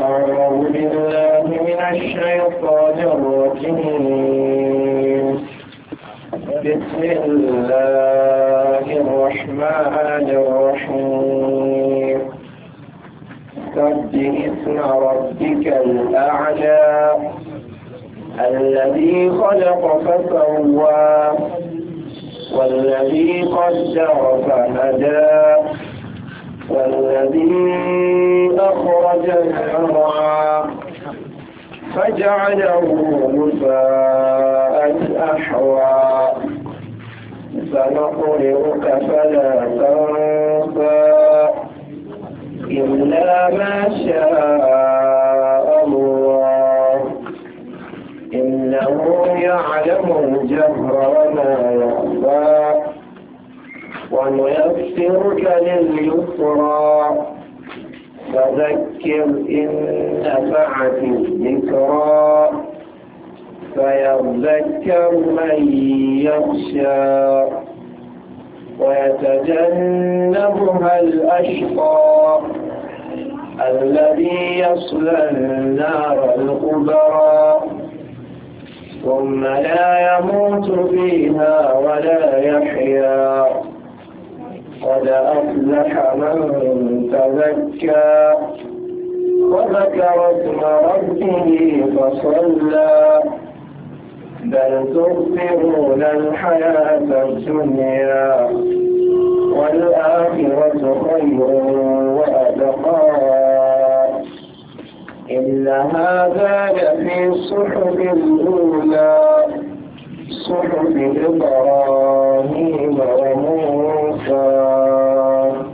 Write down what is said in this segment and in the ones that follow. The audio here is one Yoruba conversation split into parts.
أعوذ بالله من الشيطان الرجيم بسم الله الرحمن الرحيم سبح اسم ربك الأعلى الذي خلق فسوى والذي قدر فهدى الذي أخرج الحرعى فجعله مساء أحوى سنقرئك فلا تنسى إلا ما شاء الله إنه يعلم الجهر وما يخفى ونيسرك لليسرى فذكر إن نفعت الذكرى فيذكر من يخشى ويتجنبها الأشقى الذي يصلى النار الكبرى ثم لا يموت فيها ولا يحيا قد أفلح من تزكى وذكر اسم ربه فصلى بل تؤثرون الحياة الدنيا والآخرة خير وأبقى إن هذا لفي الصحف الأولى صحف إبراهيم وموسى الأبصار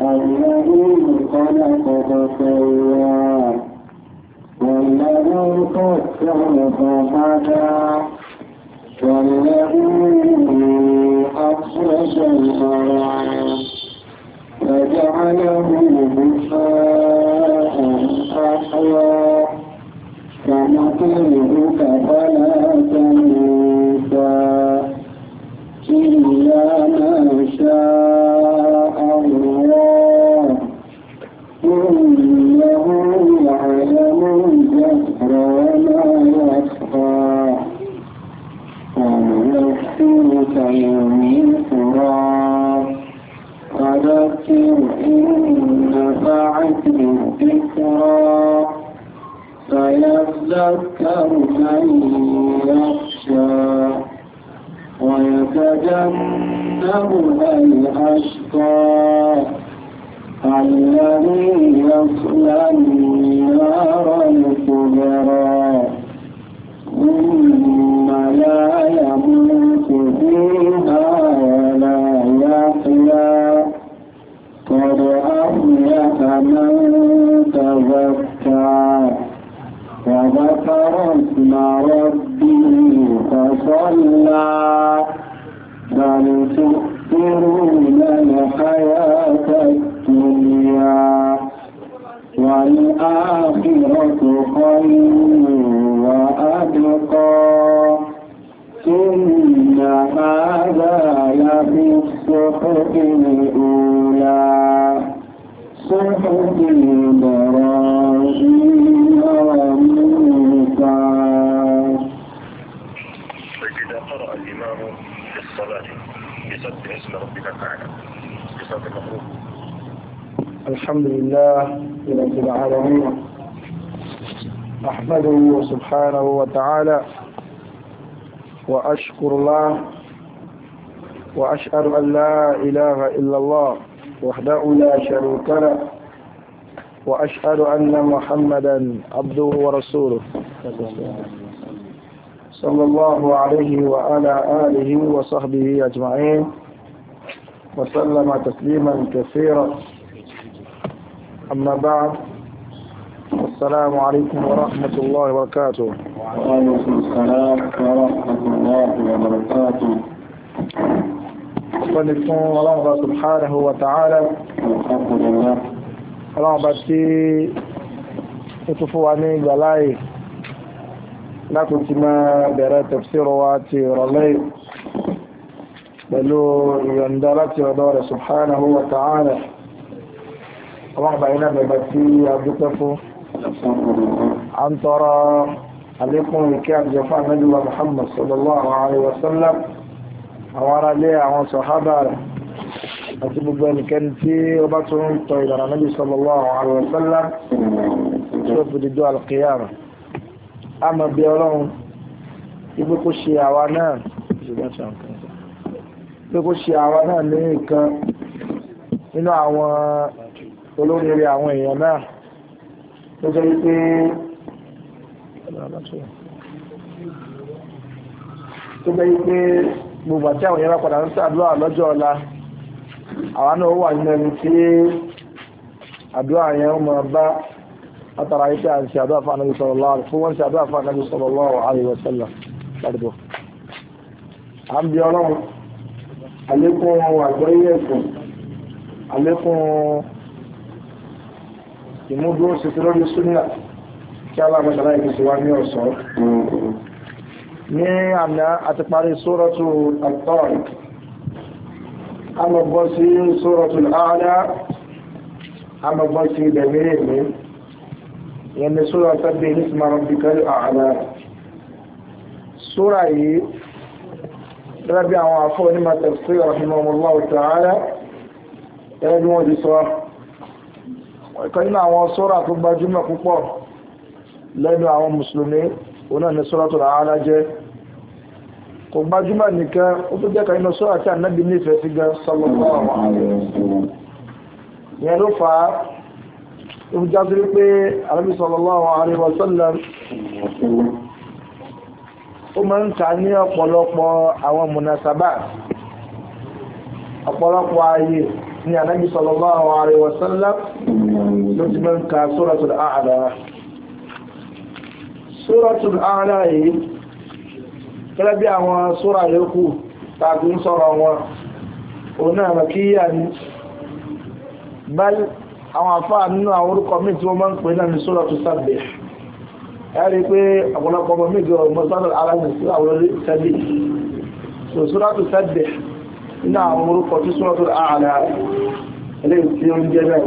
الذي خلق فسوى والذي قدر فهدى والذي أخرج المرعى فجعله غثاء أحوى فنقله فلا تنور أستغفر الله وأشهد أن لا إله إلا الله وحده لا شريك له وأشهد أن محمدا عبده ورسوله صلى الله عليه وعلى آله وصحبه أجمعين وسلم تسليما كثيرا أما بعد السلام عليكم ورحمة الله وبركاته وعليكم السلام ورحمة الله وبركاته Ọ̀pẹ́lẹ̀ fún ọlọ́mọba Subhanahu wa ta'ala. Ọlọ́mọba tí ó tún fún wa ní ìgbàláyè láti ti máa bẹ̀rẹ̀ tafsiru wa ti rọ̀lẹ́ pẹ̀lú ìyọ̀ndá láti ọ̀dọ̀ rẹ̀ Subhanahu wa ta'ala. Ọlọ́mọba iná àlékún ìkẹ́ àjọfà mẹ́lúwà Muhammad sallallahu alaihi wasallam àwọn ará lé àwọn sọ̀hábà rẹ̀ àti gbogbo ẹnikẹ́ni tí ó bá tún ń tọ ìlànà Nabi sallallahu alaihi wasallam tó fi dìjọ́ alkiyama a mọ̀ bí ọlọ́run ibi tó bẹ́ yí pé gbogbo àti àwọn yẹn bá padà ń ṣàdúrà lọ́jọ́ ọ̀la àwa náà wà nínú ẹni tí àdúrà yẹn mọ̀ bá látara yí pé à ń ṣe àdúrà fún anábì sọ̀rọ̀ lọ́wọ́ fún wọn ṣe àdúrà fún anábì sọ̀rọ̀ lọ́wọ́ àríwọ̀ sẹ́lẹ̀ lọ́dọ̀ à ń bi ọlọ́run àlékún àgbọ́yé ẹ̀sùn àlékún ìmúdúró ṣiṣẹ́ lórí súnà kí aláàmọ́sàlá ìfẹ́sí wá ní ọ̀sán ní àmì àti parí sórọ́tù àtọ́rì amọ̀gbọ́ sí sórọ́tù àádá amọ̀gbọ́ sí ìdẹ̀mírèmí yẹn ni sóra tàbí nísìmọ̀ rọ̀bìkẹ́lì àádá sóra yìí gẹ́gẹ́ bí àwọn àfọ́ onímọ̀ tẹ̀sí rahimahullah ta'ala gẹ́gẹ́ bí wọ́n ti àwọn sóra tó gbajúmọ̀ púpọ̀ lẹ́nu àwọn mùsùlùmí òun náà ni Suratul A'la jẹ́ kò gbajúmọ̀ nìkan ó tó jẹ́ kàínú sọ́rọ̀ àti ànábì nífẹ̀ẹ́ sí gan sallallahu alaihi wasallam yẹn ló fà á ó fi já sí wípé ànábì sallallahu alaihi wasallam ó suratul A'la yìí gẹ́gẹ́ bí àwọn sura yòókù tàbí ń sọ̀rọ̀ wọn òun náà makíyà ní báyìí àwọn àfáà nínú àwọn orúkọ míì tí wọ́n máa ń pè náà ní suratu Sabbih ẹ̀rí pé ọ̀pọ̀lọpọ̀ ọmọ méjì ọmọ sọ́dọ̀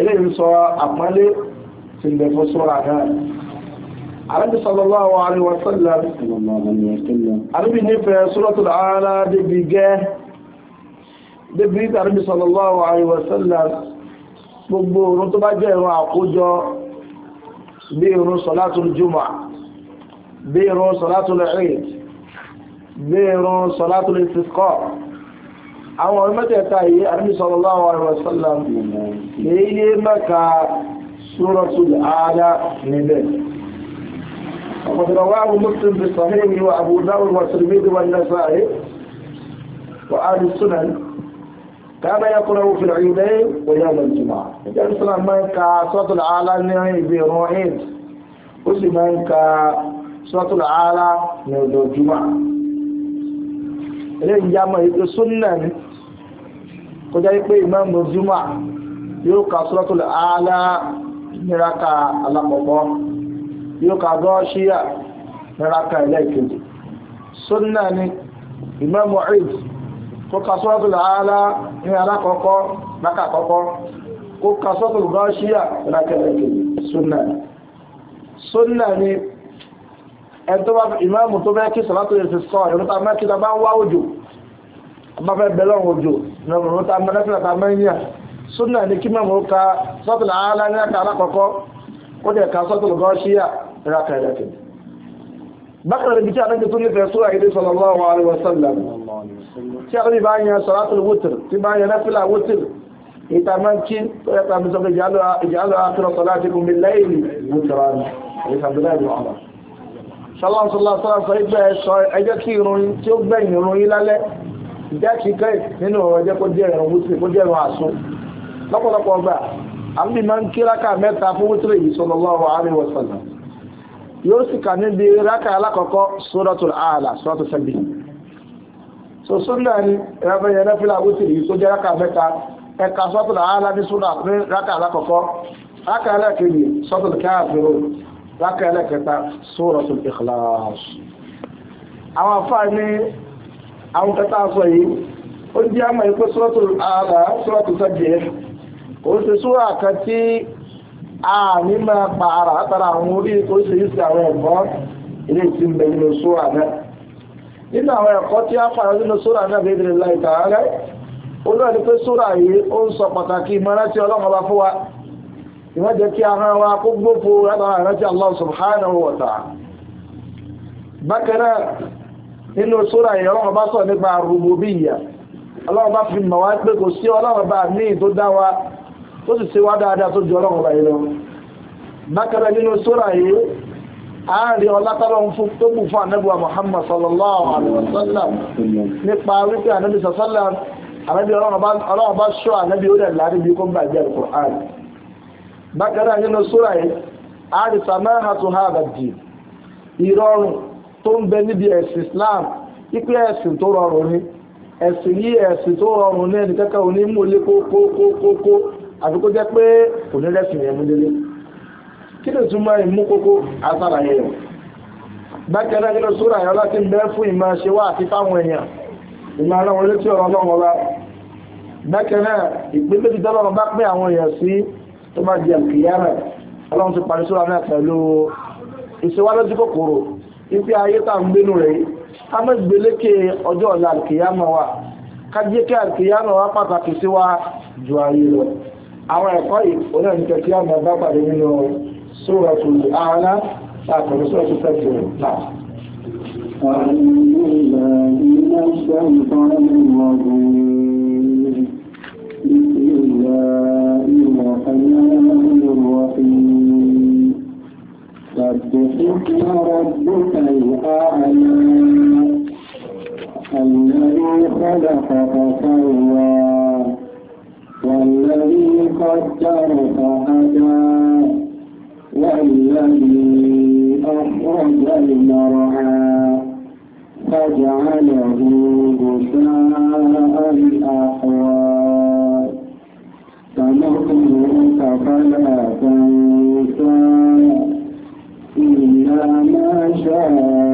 eléyìí sọ àpọ́nlé tí ń bẹ fún sọ́ra náà arábì sallallahu alaihi wa sallam arábì nífẹ̀ẹ́ suratul A'la débi gẹ́ débi arábì sallallahu alaihi wa sallam gbogbo orun tó bá jẹ́ ìrun àkójọ bí irun salatul Jumu'ah bí irun salatul Eid bí irun salatul Istisqa àwọn ọmọ mẹ́tẹ̀ẹ̀ta yìí arábì sallallahu alaihi wa sallam déédé mẹ́ka suratul ala níbẹ̀ وقد رواه مسلم في صحيحه وابو داود والترمذي والنسائي واهل السنن كان يقرأ في العيدين ويوم الجمعة. النبي صلى الله عليه وسلم ما ينكا صوت العالى في روحين ó sì máa ń ka sọ́tún ààrá ní ọjọ́júmọ́ ilé ìyàmọ̀ ìpé súnnà ní kó jẹ́ pé ìmọ̀ ìmọ̀júmọ́ yóò ka suratul A'la níraka alákọ̀ọ́kọ́ yóò ka Ghashiya níraka ẹlẹ́ẹ̀kejì sunna ni Imam Eid kó ka suratul A'la ní alákọ̀ọ́kọ́ lákàkọ́kọ́ kó ka suratul Ghashiya níraka ẹlẹ́ẹ̀kejì sunna ni sunna ni ẹ̀tọ́ bá ìmáàmù tó bẹ́ẹ̀ kí sọ̀látò yẹ̀ sí sọ ìrúta mẹ́kí ta súnà ní kí mọ̀mọ́ ka sọ́tù làálá ní ẹ̀ka alákọ̀ọ́kọ́ ó dẹ̀ ka sọ́tù lọ́gọ́ ṣíyà ìraka ìrẹ̀kẹ̀. bákan rẹ̀ alaihi wasallam tí anábì bá yan salatul witr tí bá yan nafila witr ìta máa ń kí tó yẹ ká mi sọ pé ìjàlọ́ àtúrọ̀ salatikum bil layli witra ni ìsàbílẹ̀ ìlú ọ̀la sọlọ́n sọlọ́n sọlọ́n sọ ẹgbẹ́ ẹ̀ṣọ́ ẹjẹ́ kí irun tí ó lọ́pọ̀lọpọ̀ ọgbà àmì máa ń kí rákà mẹ́ta fún wítírì yìí sallallahu alaihi wasallam yóò sì kà níbi rákà alákọ̀ọ́kọ́ suratul A'la suratul Sabi so sunna ni ẹ̀rọ yẹn lẹ́fílà wítírì yìí tó jẹ́ rákà mẹ́ta ẹ̀ka suratul A'la ní sunna ní rákà alákọ̀ọ́kọ́ rákà ẹlẹ́kejì suratul Kafirun rákà ẹlẹ́kẹta suratul Ikhlas àwọn afáà ní àwọn kẹta sọ yìí ó jẹ́ kò sí kan tí a ní máa pa ara látara àwọn orí oríṣiríṣi àwọn ẹ̀kọ́ ilé ìtì ń bẹ náà nínú àwọn ẹ̀kọ́ tí a fara nínú súrà náà bí ìdílé láì tààrẹ olóò ní pé súrà yìí ó ń sọ pàtàkì fún wa ìwọ́jẹ́ kí ara wa kó gbófo látara ìrántí Allah wa fi tó sì ṣe wá dáadáa tó jọ ọlọ́run báyìí lọ bákanáà nínú sóra yìí àárín ọlátọ́lọ́run fún tó bù fún anábíwá Muhammad sallallahu alaihi wasallam nípa wípé anábí sallam anábí ọlọ́run bá ṣọ́ anábí ó dẹ̀ láàrin bí quran bákanáà nínú sóra yìí àárín samahatu hadha ad-din ìrọ̀rùn tó ń bẹ níbi ẹ̀sìn Islam ipe ẹ̀sìn tó rọrùn ni ẹ̀sìn yí ẹ̀sìn tó rọrùn ní ẹnìkẹ́kẹ́ òní mú lé kókókókókó àfi kó jẹ́ pé kò ní rẹ́sìn yẹn mú délé kí ló túmọ̀ ìmú kókó asára yẹn o bákan náà nínú sóra yẹn láti ń bẹ́ẹ̀ fún ìmọ̀ ṣe wá àti fáwọn èèyàn ìmọ̀ ara wọn létí ọ̀rọ̀ ọlọ́run ọba bákan ìpín méjì tọ́lọ́run bá pín àwọn èèyàn sí tó bá di àkìyára ọlọ́run ti parí sóra náà pẹ̀lú ìṣèwádọ́jú kòkòrò ipe ayé tá à ń gbénu rẹ̀ yìí ká mọ̀ gbélékè ọjọ́ ọ̀la àkìyámọ̀ wa ká jẹ́ kí àkìyámọ̀ wa pàtàkì sí wa ju ayé lọ àwọn ẹ̀kọ́ yìí onáìjọ tí a mọ̀ bá pàdé nínú sóòrọ̀tù ààrá àkọ̀lù sóòrọ̀tù fẹ́tù náà سبحنا ربك الأعلى الذي خلق فسوى والذي قدر فهدى والذي أخرج المرعى فجعله غثاء أحوى سنقرئك فلا تنسى إلا ما شاء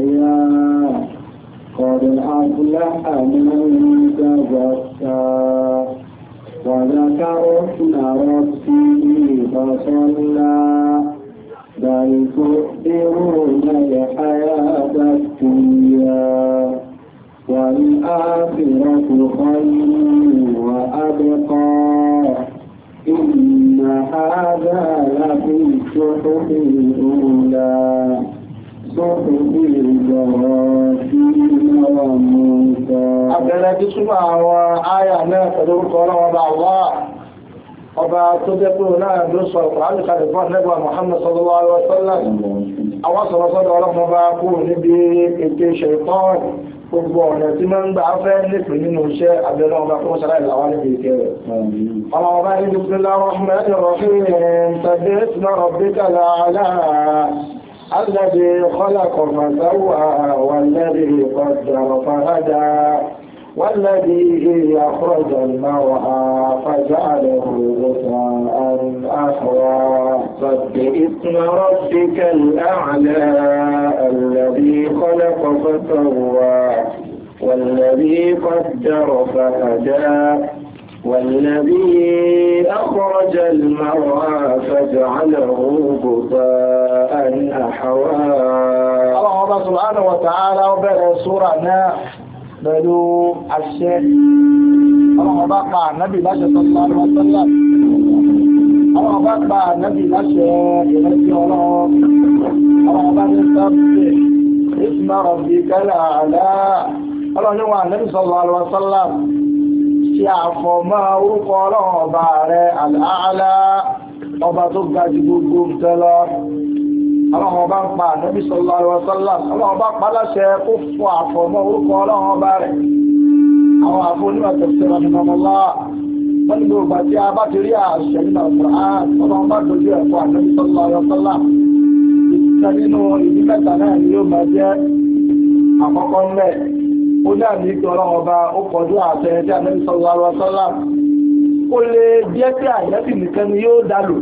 الأحياء قد أفلح من تزكى وذكر اسم ربه فصلى بل تؤثرون الحياة الدنيا والآخرة خير وأبقى إن هذا لفي الصحف الأولى تخفي الجراثيم والموتى أبدا تسمع وآية ناس القرآن وضع الله ọba tó jẹ́ pé náà ló sọ ìpàdé Muhammad sallallahu alaihi wasallam àwọn sọ̀rọ̀sọ́dọ̀ ọlọ́pọ̀ bá kú níbi ètò iṣẹ́ ìtọ́rọ̀ gbogbo ọ̀nà tí máa ń gbà fẹ́ nípe nínú iṣẹ́ abẹ́rẹ́ ọba fún sára ìlàwà الذي خلق فسوى والذي قدر فهدى والذي يخرج المرعى فجعله غثاء أحوى سبح اسم ربك الأعلى الذي خلق فسوى والذي قدر فهدى والذي أخرج المرعى فجعله غطاء أحوى الله سبحانه وتعالى وبدأ سورة بدو الشيخ الله أبقى النبي باشا صلى الله عليه وسلم الله أبقى النبي باشا يمسي الله الله أبقى نستطيع اسم ربك الأعلى الله نوع النبي صلى الله عليه وسلم ṣe àfọ̀mọ́ orúkọ ọlọ́run ọba rẹ̀ àlàálá ọba tó ga jù gbogbo nǹkan lọ ọlọ́run ọba ń pa ànábì sallallahu alaihi wasallam ọlọ́run ọba pa láṣẹ kó fọ àfọ̀mọ́ orúkọ ọlọ́run ọba rẹ̀ àwọn àfọ onímọ̀ tẹ̀sẹ̀ rahimahullah wọ́n ní gbogbo àti abá ti rí àṣẹ ó náà ní ìtọ́rọ ọba ó kọjú àṣẹ tí àmẹ́rin sọ́lá wa sọ́lá kó lè jẹ́ tí àyẹ́sì nìkan ni yóò dálò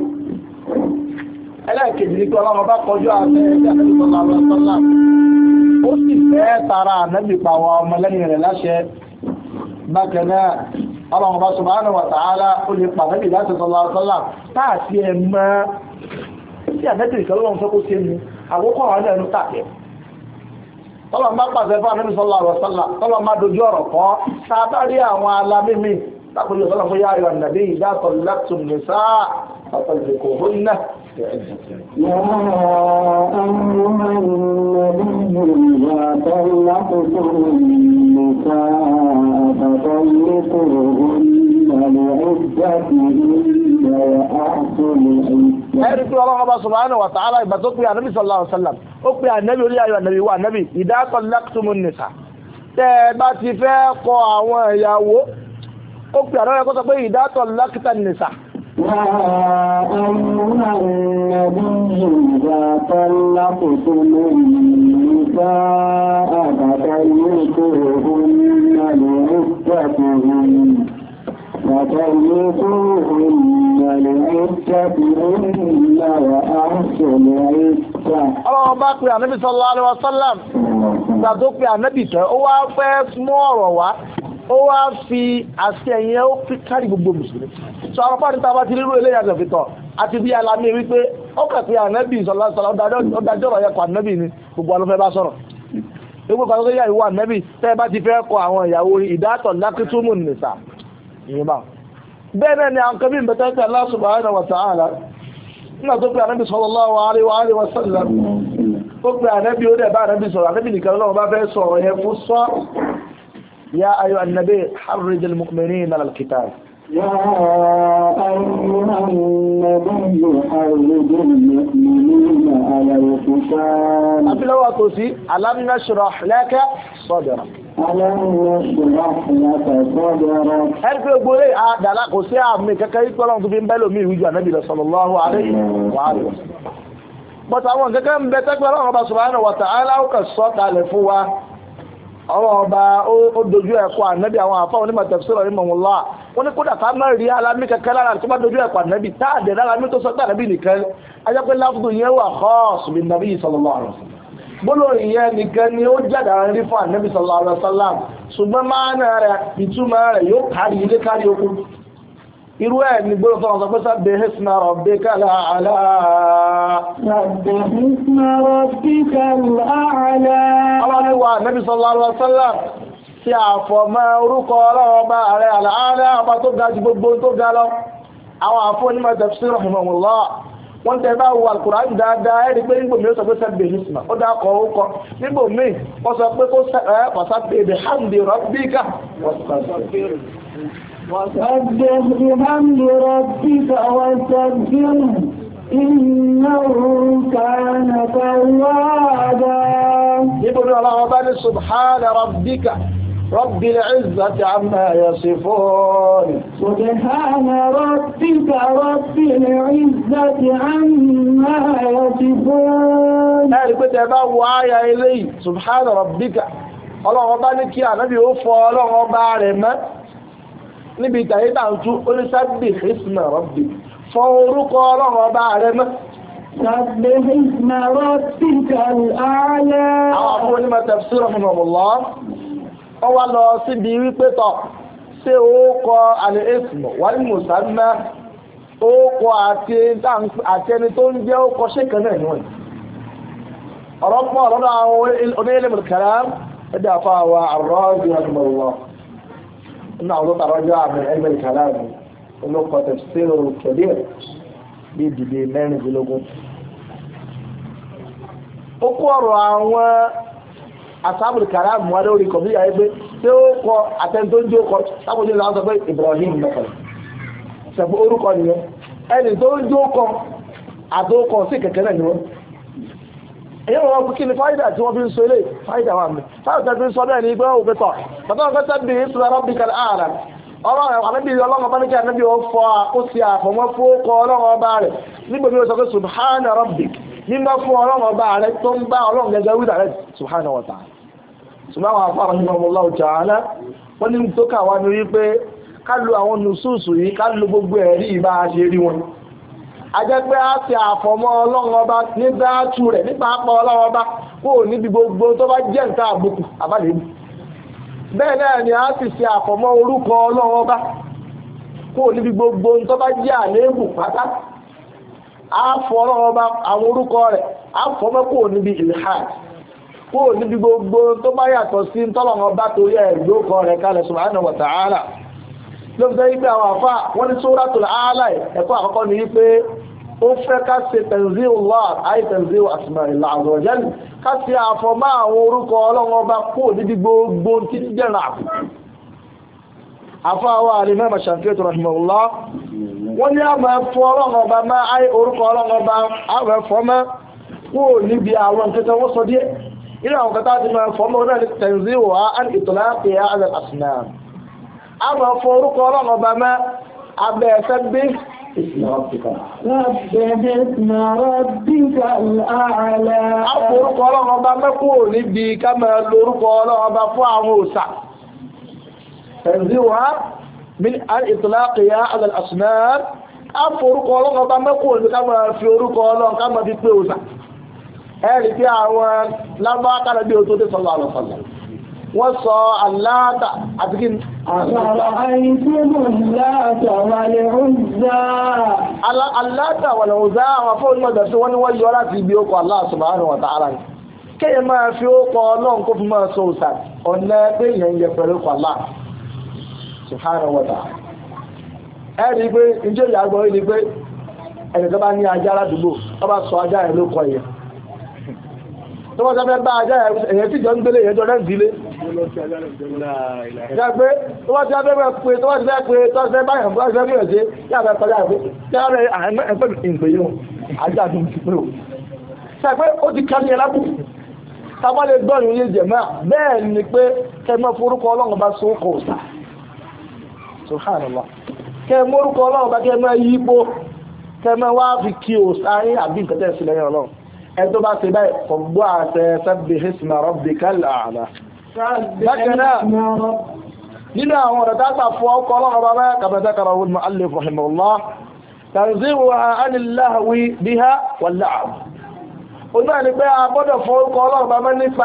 ẹlẹ́ẹ̀kejì ní ìtọ́rọ ọba kọjú àṣẹ tí àmẹ́rin sọ́lá wa sọ́lá ó sì fẹ́ tara ànábì pàwọ́ ọmọlẹ́yìn rẹ̀ láṣẹ bákan náà ọlọ́run bá subhanahu wa ta'ala ó lè pàtàkì láti sọ́lá sọ́lá táà sí ẹ̀ mọ́ tí àmẹ́rin sọ́lá wọn sọ́kó sí ẹnu àwọ́kọ̀ àwọn ẹ̀rù tàbí tọ́lọ̀ má pàṣẹ fún àmì sọ́lá àrọ̀sọ́lá tọ́lọ̀ má dojú ọ̀rọ̀ kọ́ sábàrí àwọn alámímì lápòlù sọ́lá fún yára ìwà nàbí ìdáàtọ̀ látùm ní sáà àtọ̀lẹ̀ kò hún náà. يا أيها النبي ẹ̀rí pé ọlọ́run ọba subhanahu wa ta'ala ìgbà tó pe ànábì sallallahu alaihi wasallam ó pe ànábì orí ayọ̀ ànábì wa ànábì idha tallaqtumun nisa tẹ́ ẹ bá ti fẹ́ kọ àwọn ìyàwó ó pe ànábì ẹ̀kọ́ sọ pé idha tallaqtan nisa. يا أيها النبي إذا طلقتم وطلقوهن لعدتهن وأحسنوا عدة Ọlọ́run bá pe ànábì sallallahu alaihi wasallam gbà tó pe ànábì tán ó wá fẹ́ mú ọ̀rọ̀ wá ó wá fi àṣẹ yẹn ó fi kárí gbogbo mùsùlùmí sọ àwọn pàdé tá a bá ti rírú eléyà kan fi tọ̀ àti bí alámi wípé ó kà pé ànábì sallallahu alaihi wasallam ó dájọ́ ọ̀rọ̀ yẹn kọ ànábì ni gbogbo alófẹ́ bá sọ̀rọ̀ gbogbo kan tó yà ìwọ ànábì tẹ́ ẹ bá ti fẹ́ kọ àwọn ìyàwó ìdátọ̀ lákítúmù nìsà ìyẹn báwọn bẹ́ẹ̀ ni àwọn kan bí bẹ̀tẹ̀ tí Allah subhanahu wa ta'ala nígbà tó pé ànábì sallallahu alaihi wa alihi wa sallam ó lọ́wọ́ bá fẹ́ sọ̀rọ̀ yẹn يا أيها النبي حرج المؤمنين على القتال أبلغ أتوسي ألم نشرح لك صدرك Ẹgbẹ́ ògbóré àdàlá kò sí àmì kẹ́kẹ́ ìpọ́lọ́n tó fi ń bẹ́lò mí ìrújú ànábì lọ sallallahu alaihi wa alihi. But àwọn kẹ́kẹ́ ń bẹ tẹ́gbẹ́ ọlọ́run ọba subhanahu wa ta'ala aláwọ̀kẹ́ sọ kalẹ̀ fún wa. Ọ̀rọ̀ ọba ó dojú ẹ̀kọ́ ànábì àwọn àfáwọn onímọ̀ tafsir rahimahullah. Wọ́n ní kódà ká mẹ́rin rí alámí kẹ́kẹ́ lára tó bá dojú ẹ̀kọ́ ànábì táàdẹ̀ lára mi tó sọ táàdẹ̀ gbólóhùn yẹn nìkan ni ó jáde àwọn rí fún ànábì sallallahu alaihi wasallam ṣùgbọ́n máa ń rẹ̀ ìtumọ̀ rẹ̀ yóò kárí ilé kárí okú irú ẹ̀ ní gbólóhùn sọ̀rọ̀ sọ̀pẹ́ sábẹ́ hẹ́sìnà rọ̀bẹ́ kàlà àlà. ọlọ́ni wa ànábì sallallahu alaihi wasallam ti àfọ̀mọ́ orúkọ ọlọ́wọ́ bá ààrẹ àlàáfíà ọba tó ga ju gbogbo tó ga lọ àwọn àfọ̀ onímọ̀ tafsir rahimahullah wọ́n tẹ́ bá wo alukùránì dáadáa ẹ̀rí pé nígbò mìíràn sọ pé sẹ́bẹ̀ ìsìnà ó dá ọkọ̀ ọkọ̀ nígbò míì wọ́n sọ pé kó ọ̀sá pé ibi hàndì rọ́bíkà Níbo ni ọlọ́wọ́ bá ní Subhánà رب العزة عما يصفون سبحان ربك رب العزة عما يصفون ẹ̀rí pé tẹ bá wọ سبحان ربك الله bá ní kí ànábì ó fọ ọlọ́run bá rẹ̀ mọ́ níbi ìtàyítà ń tú oníṣàbí ìsìnà rọ́bì fọ orúkọ ọlọ́run bá rẹ̀ mọ́ Sàbẹ̀ rọ́bì kàrí ààlẹ́. Àwọn akọ́wọ́ ní máa tafsir rahimahullah wọ́n wá lọ síbi wípé tọ̀ ṣé ó kọ àlè èsùmọ̀ wà ní mùsàmá ó kọ àti ẹni tó ń jẹ́ ó kọ ṣé kan náà ni wọ́n ọ̀rọ̀ àwọn onílé mùsàlá ẹ̀dá fa wa àrọ́jù àdùmọ̀wọ̀ nínú àwọn olóta àrọ́jù àmì ẹgbẹ́ ìkàlá mi olókọ asábùl karam wọn lórí kọ̀bí yà pé tí ó kọ àtẹ́ntó ndi jó kọ sábòjú ìlànà sọ pé Ibrahim mẹ́kọ̀lá sẹ̀fú orúkọ nìyẹn ẹni tó ń jó kọ àtòkọ sí kẹ̀kẹ́ náà ni wọ́n èyí wọn kú kí ni fáyidà tí wọ́n fi ń sọ ni ní kí kọ mímọ́ fún ọlọ́run ọba rẹ tó ń bá ọlọ́run gẹ́gẹ́ wíwà rẹ subhanahu wa ṣùgbọ́n àwọn afọ àwọn ọmọ ọlọ́run ta'ala wọ́n ní tó kà wá ní àwọn nùsùsù yìí ká gbogbo ẹ̀rí ìbá ṣe rí wọn a jẹ́ pé a ti àfọ̀mọ́ ọlọ́run ọba ní dáàtú rẹ̀ nípa apá ọba kó o níbi gbogbo tó bá jẹ́ nǹkan àbùkù a si ṣe àfọ̀mọ́ orúkọ ọlọ́run ọba kó o níbi gbogbo tó bá àfọ́rọ́ọba àwọn orúkọ rẹ̀ àfọ́mọ́ kò níbi ilhad kò níbi gbogbo tó bá yàtọ̀ sí tọ́lọ̀wọ́ torí ẹ̀ lókọ rẹ̀ kalẹ̀ subhanahu wa ta'ala ló pé àwọn wọ́n ní A'la ẹ̀kọ́ àkọ́kọ́ ni wípé ó fẹ́ ká ṣe tanzihu Allah àyè tanzihu asma'illah azza wa ká ṣe àfọ́mọ́ àwọn orúkọ ọlọ́wọ́ kò níbi gbogbo wọ́n ní àmọ́ fún ọlọ́run ọba máa áyé orúkọ ọlọ́run ọba àwọn ẹ̀fọ́ mọ́ kú ò níbi àwọn nǹkan wọ́n sọ díẹ̀ nínú àwọn kẹta ti máa fọ́ náà ní tẹ̀sí wà á ní ìtọ́lá pé á àlẹ́ àsìnà àmọ́ fún orúkọ ọlọ́run ọba máa abẹ́ ẹ̀fẹ́ gbé Àwọn orúkọ min al-itlaqiya ala al-asnam aforúkọ ọlọ́run ọba mẹ́kọ̀ọ́ ní ká máa fi orúkọ ọlọ́run ká máa fi pé òsà ẹ̀rì pé àwọn lábá kára bí òtó dé sọ́lọ́ àlọ́sọ́lọ́ wọ́n sọ aláàtà àti kí ni. aláàtà wà lọ́wọ́dá àwọn afọ́nù ọjà tí wọ́n ní wọ́n yọ láti ibi okò Allah subhanahu wa ta'ala ni kéèyàn máa fi okò ọlọ́run kó fi máa sọ òsà ọ̀nà pé èèyàn yẹ pẹ̀lú okò Allah subhanahu wa ta'ala ẹ̀rí pé ìjọ ìyàgbọ́ ilé pé ẹ̀rẹ̀kọ́ bá ní ajá ọ sọ ajá ẹ̀ ló kọ ìyẹn tó wọ́n sáfẹ́ bá ajá ẹ̀yẹn tí jọ ń gbélé rẹ̀ dílé sàgbé ó ti kárí lè yé jẹ̀mọ́ subhanallah kẹ mórúkọ ọlọ́run bá kẹ mọ́ yípo kẹ mọ́ wá fi kí o sáré àbí nǹkan tẹ̀sí lẹ́yìn ọlọ́run ẹ tó bá ṣe báyìí ọgbọ́ àṣẹ sábẹ̀ hísìmà rọ́bì kálà àlà. bákan náà nínú àwọn ọ̀rọ̀ tágbà fún ọkọ̀ ọlọ́run bá báyà kàrà wọn mọ́ alẹ́ rahimahullah tanzihu wa anilahwi biha wal-la'ab ojú àni pé a gbọ́dọ̀ forúkọ ọlọ́run bá mẹ́ nípa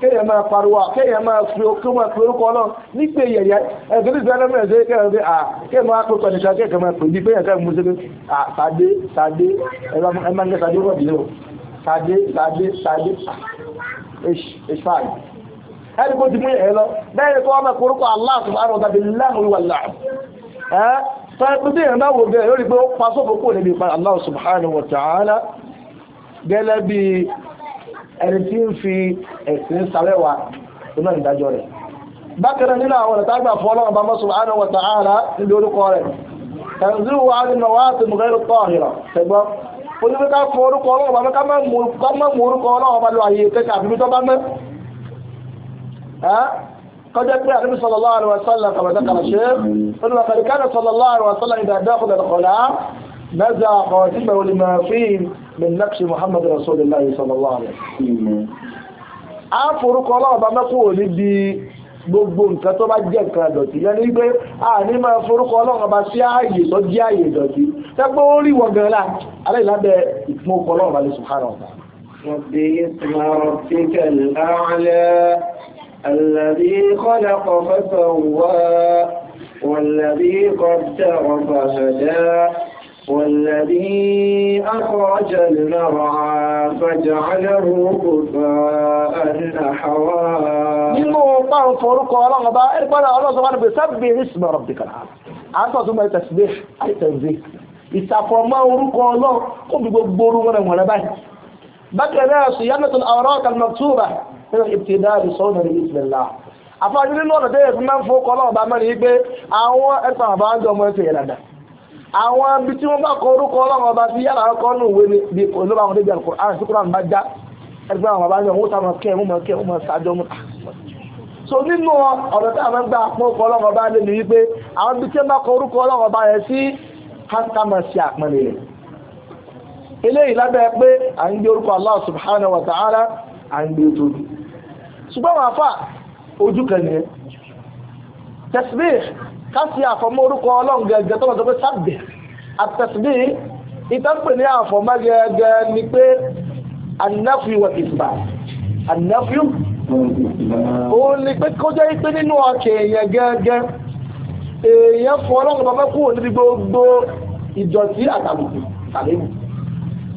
kéèyàn máa pariwo kéèyàn máa fi okó máa fi orúkọ náà nígbè yẹ̀yẹ́ ẹ̀sìn ní sẹ́lẹ̀ mẹ́rin sẹ́yìn kéèyàn fi kéèyàn máa pè pẹ̀lú kéèyàn máa pè ní pé ẹ̀ka mú sẹ́lẹ̀ à sàdé ẹ máa ń gé sàdé rọ̀ bìlẹ̀ o sàdé sàdé sàdé ìṣfàì ẹni kó ti mú yẹ̀yẹ́ lọ bẹ́ẹ̀ kó wọ́n máa pe orúkọ ẹni tí ń fi ẹ̀sìn sàwẹ́wà iná ìdájọ́ rẹ̀ bákan nínú àwọn ọ̀nà tágbà fún ọlọ́run bá mọ́sùn àánà wọ̀ tààrà níbi orúkọ rẹ̀ tẹ̀sí wà ní wà á ti mú gẹ́rù tọ́ ìrọ̀ tẹ̀gbọ́ ó ní ká fún orúkọ ọlọ́run bá ká mọ́ mú orúkọ ọlọ́run bá lọ àyè kẹ́kẹ́ àfi tó bá mọ́ kọjá pé نزع خاتمه لما فيه من نقش محمد رسول الله صلى الله عليه وسلم a forúkọ ọlọ́ọ̀bá mẹ́kúrò níbi gbogbo nǹkan tó bá jẹ́ nǹkan ìdọ̀tí yẹni wípé a ní máa forúkọ ọlọ́ọ̀bá sí ààyè tó jẹ́ ààyè ìdọ̀tí tẹ́gbọ́ ó rí wọ̀n gan-an aláìlábẹ́ ìpín okọ̀ ọlọ́ọ̀bá lè subhanahu wa ta'ala والذي أخرج المرعى فجعله كفاء أحوى nínú pàrún forúkọ ọlọ́run bá ẹgbọ́nà ọlọ́sọ اسم ربك sábì ìsìnmọ̀ rọ̀bìkà àtọ́túnmọ̀ ìtẹ̀sìgbé àìtẹ̀sìgbé ìtàfọ̀mọ́ orúkọ ọlọ́run kó bí gbogbo orú wọn wọ̀n báyìí bákan náà sì yánàtò àwọ̀rọ̀ kalmaktuba nínú ìtìdá ìsọ́nà ní ìsìnlá àfáàjú nínú ọ̀nà tẹ́yẹ̀ fún máa ń fọ́kọ́ ọlọ́run bá mẹ́rin wípé àwọn ibi tí wọ́n bá kọ orúkọ ọlọ́run ọba sí yàrá ọkọ nù ìwé ni bí kò ló bá wọn débi àlùkò àrùn síkúrò àmì bá já ẹgbẹ́ àwọn bàbá yẹn wọ́n sá mọ̀ kẹ́ wọ́n mọ̀ kẹ́ wọ́n mọ̀ sájọ́ mọ̀ so nínú ọ̀rọ̀ tí àwọn gbà pọ̀ orúkọ ọlọ́run ọba lé ní wípé àwọn ibi tí wọ́n bá kọ orúkọ ọlọ́run ọba yẹn sí hákàmọ̀sí àpẹẹrẹ rẹ̀ eléyìí lábẹ́ pé à ń gbé orúkọ Allah subhanahu wa ta'ala à ń gbé tóbi ṣùgbọ́n wàá ojú kan yẹn tasbih kásì àfọmọ́ orúkọ ọlọ́run gẹ́gẹ́ tó lọ́dọ̀ pé sábẹ̀ àtẹ̀síbí ìtọ́pẹ̀ ní àfọmọ́ gẹ́gẹ́ ni pé anáfi wà ìgbà anáfi òun ni pé kó jẹ́ pé nínú ọkẹ̀ èèyàn gẹ́gẹ́ èèyàn fún ọlọ́run bàbá kúrò níbi gbogbo ìdọ̀tí àtàbùkù tàbíbù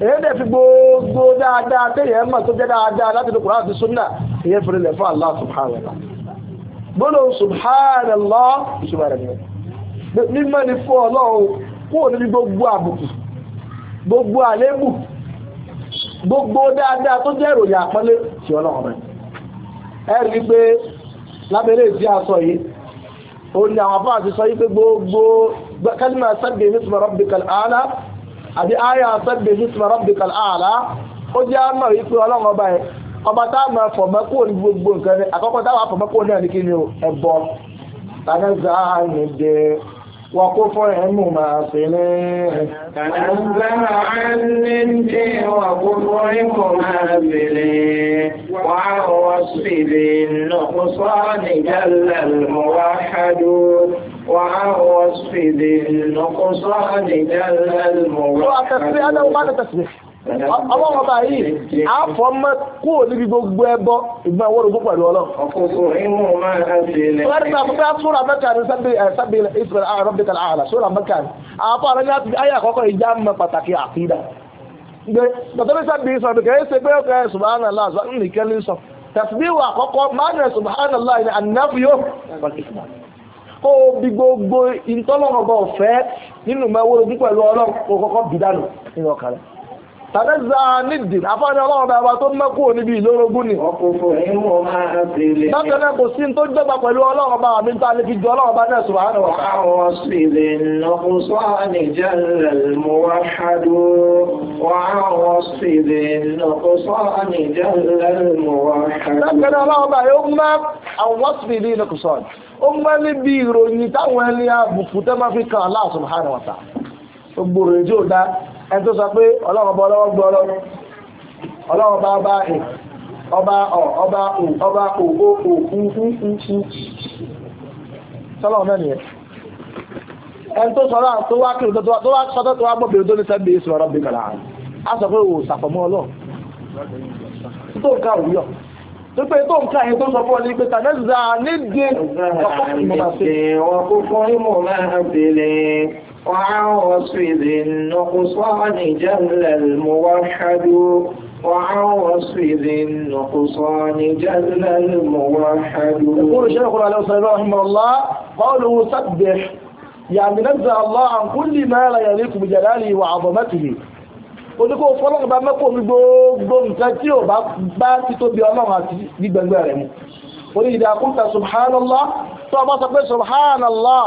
èyí dẹ̀ fi gbogbo dáadáa téèyàn mọ̀ tó jẹ́ dáadáa láti Allah subhanahu gbọ́nà subhanallah ìṣùbára ni mímọ́ ni fún ọlọ́run kúrò níbi gbogbo àbùkù gbogbo àlébù gbogbo dáadáa tó jẹ́ ìròyìn àpọ́nlé tí ọlọ́run rẹ̀ ẹ̀rí pé lábẹ́lẹ̀ tí a sọ yìí ó ní àwọn afọ́ àti sọ yìí pé gbogbo kálímà sabbi hisma rabbikal aala àbí àyà sabbi hisma rabbikal aala ó ọba tá a máa fọ̀mọ́ kúrò ní gbogbo nǹkan ní àkọ́kọ́ tá a máa fọ̀mọ́ kúrò náà ní kí ni o ẹ̀bọ tànàzà nìdẹ wọn kó fún ẹnu máa pè ní. tànàzà nìdẹ wọn kó fún ẹnu máa pè ní wàá wọ́n sì lè nọ̀kúsọ́ nìjàlá lọ́wọ́ ṣáájú. وعن وصف ذي النقصان جل الموحد. وتصبيح هذا وقال تصبيح ọlọ́wọ́ bá yìí àfọ́ mọ́ kúrò níbi gbogbo ẹbọ ìgbà wọ́n rògbò pẹ̀lú ọlọ́. ọkùnrin mú máa sura mẹ́ta ah, ní sábẹ́ ìsìnkú àrọ́bí kan ààrẹ sura mẹ́ta ní àfọ́ àrẹ láti ayé àkọ́kọ́ ìjà mọ́ pàtàkì àkídà. dọ̀tọ́ bí sábẹ́ ìsọ̀rọ̀ kẹ́ ẹ́ ṣe pé ọkọ̀ ẹ̀ subhanallah nìkẹ́ ní sọ tasbihu àkọ́kọ́ mánà subhanallah ní anáfíò kó o bí gbogbo ìtọ́lọ́mọ̀gbọ̀ ọ̀fẹ́ nínú mẹ́wọ́ rògbò pẹ̀lú ọlọ́ tàbẹ́zà nídì afọ́nà ọlọ́run bàbá tó mẹ́kù níbi ìlórógún ni bákan náà kò sí tó jọba pẹ̀lú ọlọ́run bàbá mi ta lè fi jọ ọlọ́run bá nẹ̀sùn wà náà àwọn sílẹ̀ nọ́kùnsọ́ àníjẹ́lẹ̀ mọ́wáhádó wọ́n sílẹ̀ nọ́kùnsọ́ àníjẹ́lẹ̀ mọ́wáhádó bákan náà ọlọ́run bàbá yóò mẹ́ àwọn sílẹ̀ dá ẹni tó sọ pé ọlọ́ọ̀bá ọlọ́wọ́ gbọ́rọ̀ ọlọ́ọ̀bá ọba ẹ̀ ọba ọ̀ ọba ò ọba ò ó ò ń sọ́lọ́ọ̀ mẹ́rin ẹni tó sọ́lọ́ tó wá kí tó wá sọ́tọ́ tó wá gbọ́bìnrin tó ní sẹ́bí ìṣòro ọ̀rọ̀ bíkàrà á sọ pé ò sàfọ̀mọ́ ọlọ́ọ̀ tó ń ká òwúyọ̀ Nípa ètò nǹkan ẹ̀yìn tó sọ fún ọ ní pé tàbí ẹ̀zà nídìí ọkọ̀ ìmọ̀ máa ìmọ̀ máa ṣe وعاصف ذي النقصان جل الموحد وعاصف ذي النقصان جل الموحد يقول الشيخ الألوسي رحمه الله قوله سبح يعني نزه الله عن كل ما لا يليق بجلاله وعظمته oníkó fọ́lọ́run bá mẹ́kò mi gbogbo nǹkan tí ò bá ti tóbi ọlọ́run àti gbígbẹ̀gbẹ̀ rẹ̀ mú orí ìdàkúta subhanallah tó ọmọ sọ pé subhanallah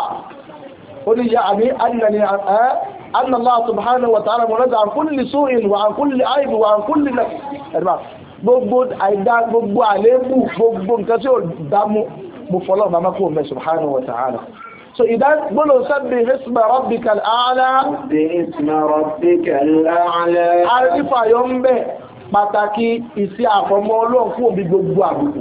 قل يعني أنني أن الله سبحانه وتعالى منزه عن كل سوء وعن كل عيب وعن كل نفس gbogbo àìdá gbogbo àléébù gbogbo nǹkan tí ó dámú mú fọ́lọ́ bàbá kó mẹ́ subhanahu wa ta'ala so ìdá gbọ́lọ̀ sábẹ̀ isma rabbika al-a'la bi isma ń bẹ̀ pàtàkì ìsí àfọmọ́ ọlọ́ọ̀kú òbí gbogbo àbùkù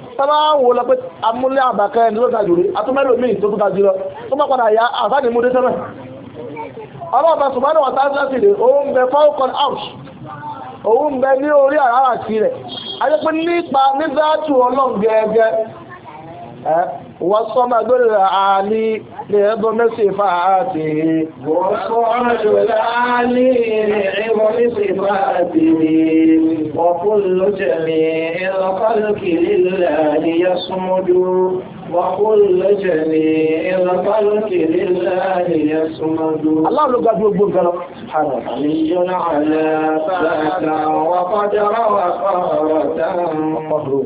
sábà wò lọ pé amúlé àbàkẹ́ ẹni tó ga jù rí atúmẹ́lò tó ga jù tó bá padà yá àfáàní mú dé sẹ́mẹ̀ ọlọ́ọ̀bá òun bẹ falcon house òun bẹ ní orí àrárá sí rẹ̀ ayé nípa لعظم صفاته والصعد العالي لعظم صفاته وكل جميع الخلق لله يصمد وكل جميع الخلق لله يصمد الله لو قد يقول قال حرمي على فاتا وقدر وقهرة مفروض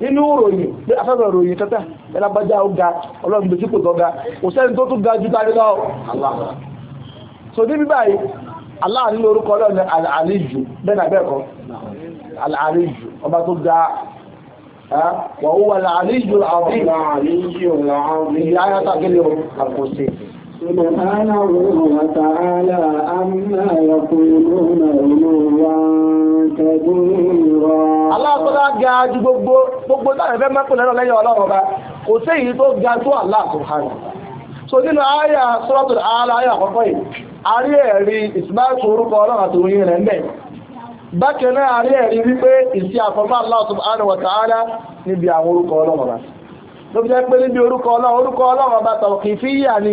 nínú ròyìn pé afẹ́fẹ́ ròyìn tẹ́tẹ́ ẹlábájá ó ga ọlọ́run gbèsè kò kò sẹ́ni tó tún ga ju tani lọ Allah so báyìí Allah nínú orúkọ ọlọ́run al-Aliyyu bẹ́ẹ̀ ọba ga سبحانه وتعالى عما يقولون علوا كبيرا Allah tó الله ju gbogbo gbogbo táwọn ẹ̀fẹ́ mẹ́kùn lẹ́nà lẹ́yìn ọlọ́run ọba kò sí èyí tó سبحانه tó Allah subhanahu so nínú àyà suratul A'la àyà àkọ́kọ́ yìí a rí ẹ̀rí ìsìmáàtò orúkọ ọlọ́run àti oyin rẹ̀ ńbẹ̀ bákan náà a rí ẹ̀rí wípé ìsì àfọ́mọ́ Allah subhanahu wa ta'ala níbi àwọn orúkọ ọlọ́run ọba ló fi jẹ́ pé níbi orúkọ ọlọ́run orúkọ ọlọ́run ọba tawqifiyya ni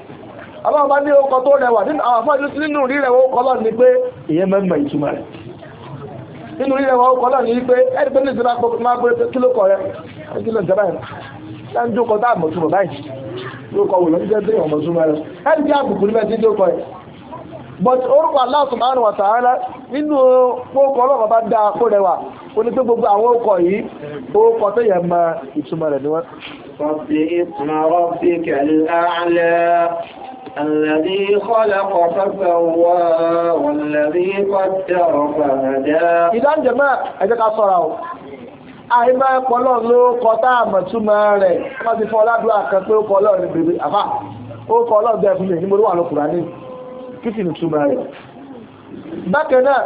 àwọn ọba ní ọkọ̀ tó rẹwà nínú àwọn afọ́jú sí nínú rírẹwà ó kọ́lọ̀ ní pé ìyẹn mẹ́mọ̀ ìtumọ̀ rẹ̀ nínú rírẹwà ó kọ́lọ̀ ní pé ẹni pé ní ìjọba yẹn but orúkọ Allah subhanahu wa ta'ala nínú kókọ̀ ọlọ́run bá dáa kó rẹwà ó ní pé gbogbo àwọn ọkọ̀ yìí orúkọ tó الذي خلق فسوى والذي قدر فهدى إذا جماعة ẹjẹ́ ká ṣọ́ra o àìmọ́ ẹpọlọ́ ló kọ táàmọ̀ túnmọ̀ rẹ̀ wọ́n ti fọ́ ọládùá kan pé ó kọ ọlọ́run bèbè àfà ó kọ ọlọ́run bẹ́ẹ̀ fún mi níbo ló wà lókùnrin ní kí sì ní túnmọ̀ rẹ̀ bákan náà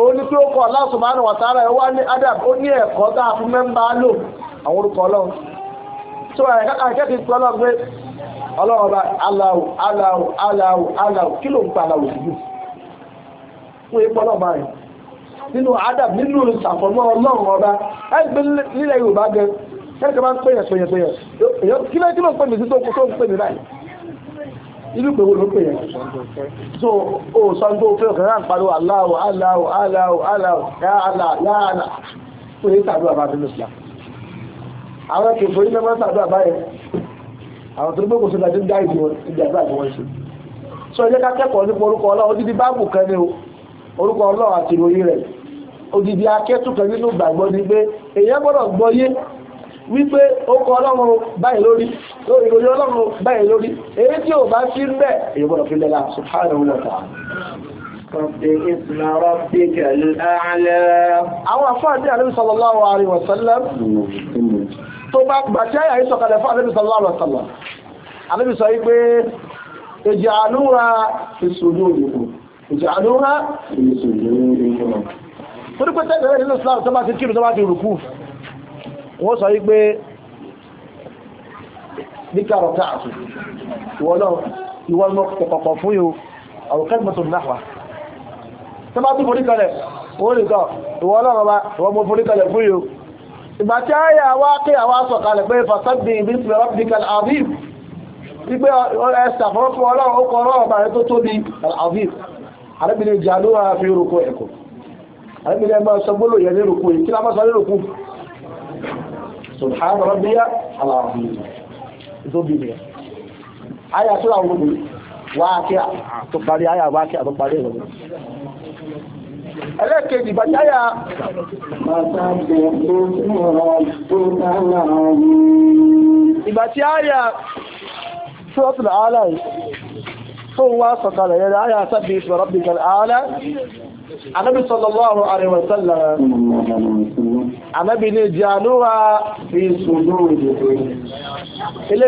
ó ní pé ó kọ Allah subhanahu wa ta'ala ní adam ó ní ẹ̀kọ́ tá a fún mẹ́mbà lò àwọn orúkọ ọlọ́run tó ẹ̀kẹ́kẹ́ ti pẹ́ ọlọ́run pé ọlọ́ọ̀bá aláwò aláwò aláwò aláwò kí ló ń pa aláwò sí jù fún ipọ́ ọlọ́ọ̀bá rẹ̀ nínú adab nínú ìsàfọ́mọ́ ọlọ́run ọba ẹgbẹ́ nílẹ̀ yorùbá gẹ kẹ́kẹ́ bá ń pè yẹn pè yẹn pè yẹn kí ló kí ló ń pè mí sí tó kó tó ń pè mí báyìí inú pèwò ló pè yẹn so o sọ ń tó fẹ́ ọ̀kẹ́ náà ń pariwo aláwò aláwò aláwò aláwò yáàlá yáàlá tó yẹ sàdúrà bá dúró sí àwọn tó gbogbo sọ́dá tó dáì wọn ibi àgbà tí wọ́n ṣe sọ ilé kákẹ́kọ̀ọ́ nípa orúkọ ọlọ́run odidi báàbù kan ní orúkọ ọlọ́run àti ìròyìn rẹ̀ odidi akẹ́tù kan nínú gbàgbọ́ ni pé èèyàn gbọ́dọ̀ gbọ́yé wípé orúkọ ọlọ́run báyìí lórí ìròyìn ọlọ́run báyìí lórí èyí tí ò bá sí bẹ́ẹ̀ èèyàn gbọ́dọ̀ fi lẹ́la subhanahu wa àwọn àfáà tó bá gbàṣẹ́ àyà ìsọ̀kalẹ̀ fún Ànábì sallallahu alaihi wasallam Ànábì sọ wípé ìjà àlúra ìṣòro òyìnbó ìjà àlúra ìṣòro òyìnbó torí pé tẹ́gbẹ̀rẹ̀ nínú Islam tó bá ti kírù tó bá ti rùkú wọ́n sọ wípé ní kàrọ̀ káàkiri ìwọ̀lọ́ ìwọ̀n mọ́ kọ̀kọ̀ fún yóò àwòkẹ́gbẹ̀tò náà tó ìgbà tí a yà wá kí àwá sọ̀kalẹ̀ pé fàṣẹ́bì ìbísí rọ́pìdíkàl àbíf wípé ẹ̀sà fọ́fún ọlọ́run ó kọ́ ọlọ́run bàrẹ́ tó tóbi àbíf arábìnrin jàló wà fi rúkú ẹ̀kọ́ arábìnrin ẹgbẹ́ sọ gbólò yẹ ní rúkú yìí kí lámọ́ sọ ní rúkú subhanahu rabbiya al-azim ẹlẹ́ẹ̀kejì bàjáyà ìgbà tí àyà sọ́tùlù àálà tó ń wá sọ̀kalẹ̀ yẹn àyà sábẹ̀ ìṣòro bìkan àálà anábi sallallahu alaihi wasallam anábi ní jàánúwà fi sùdó ìdòdó ilé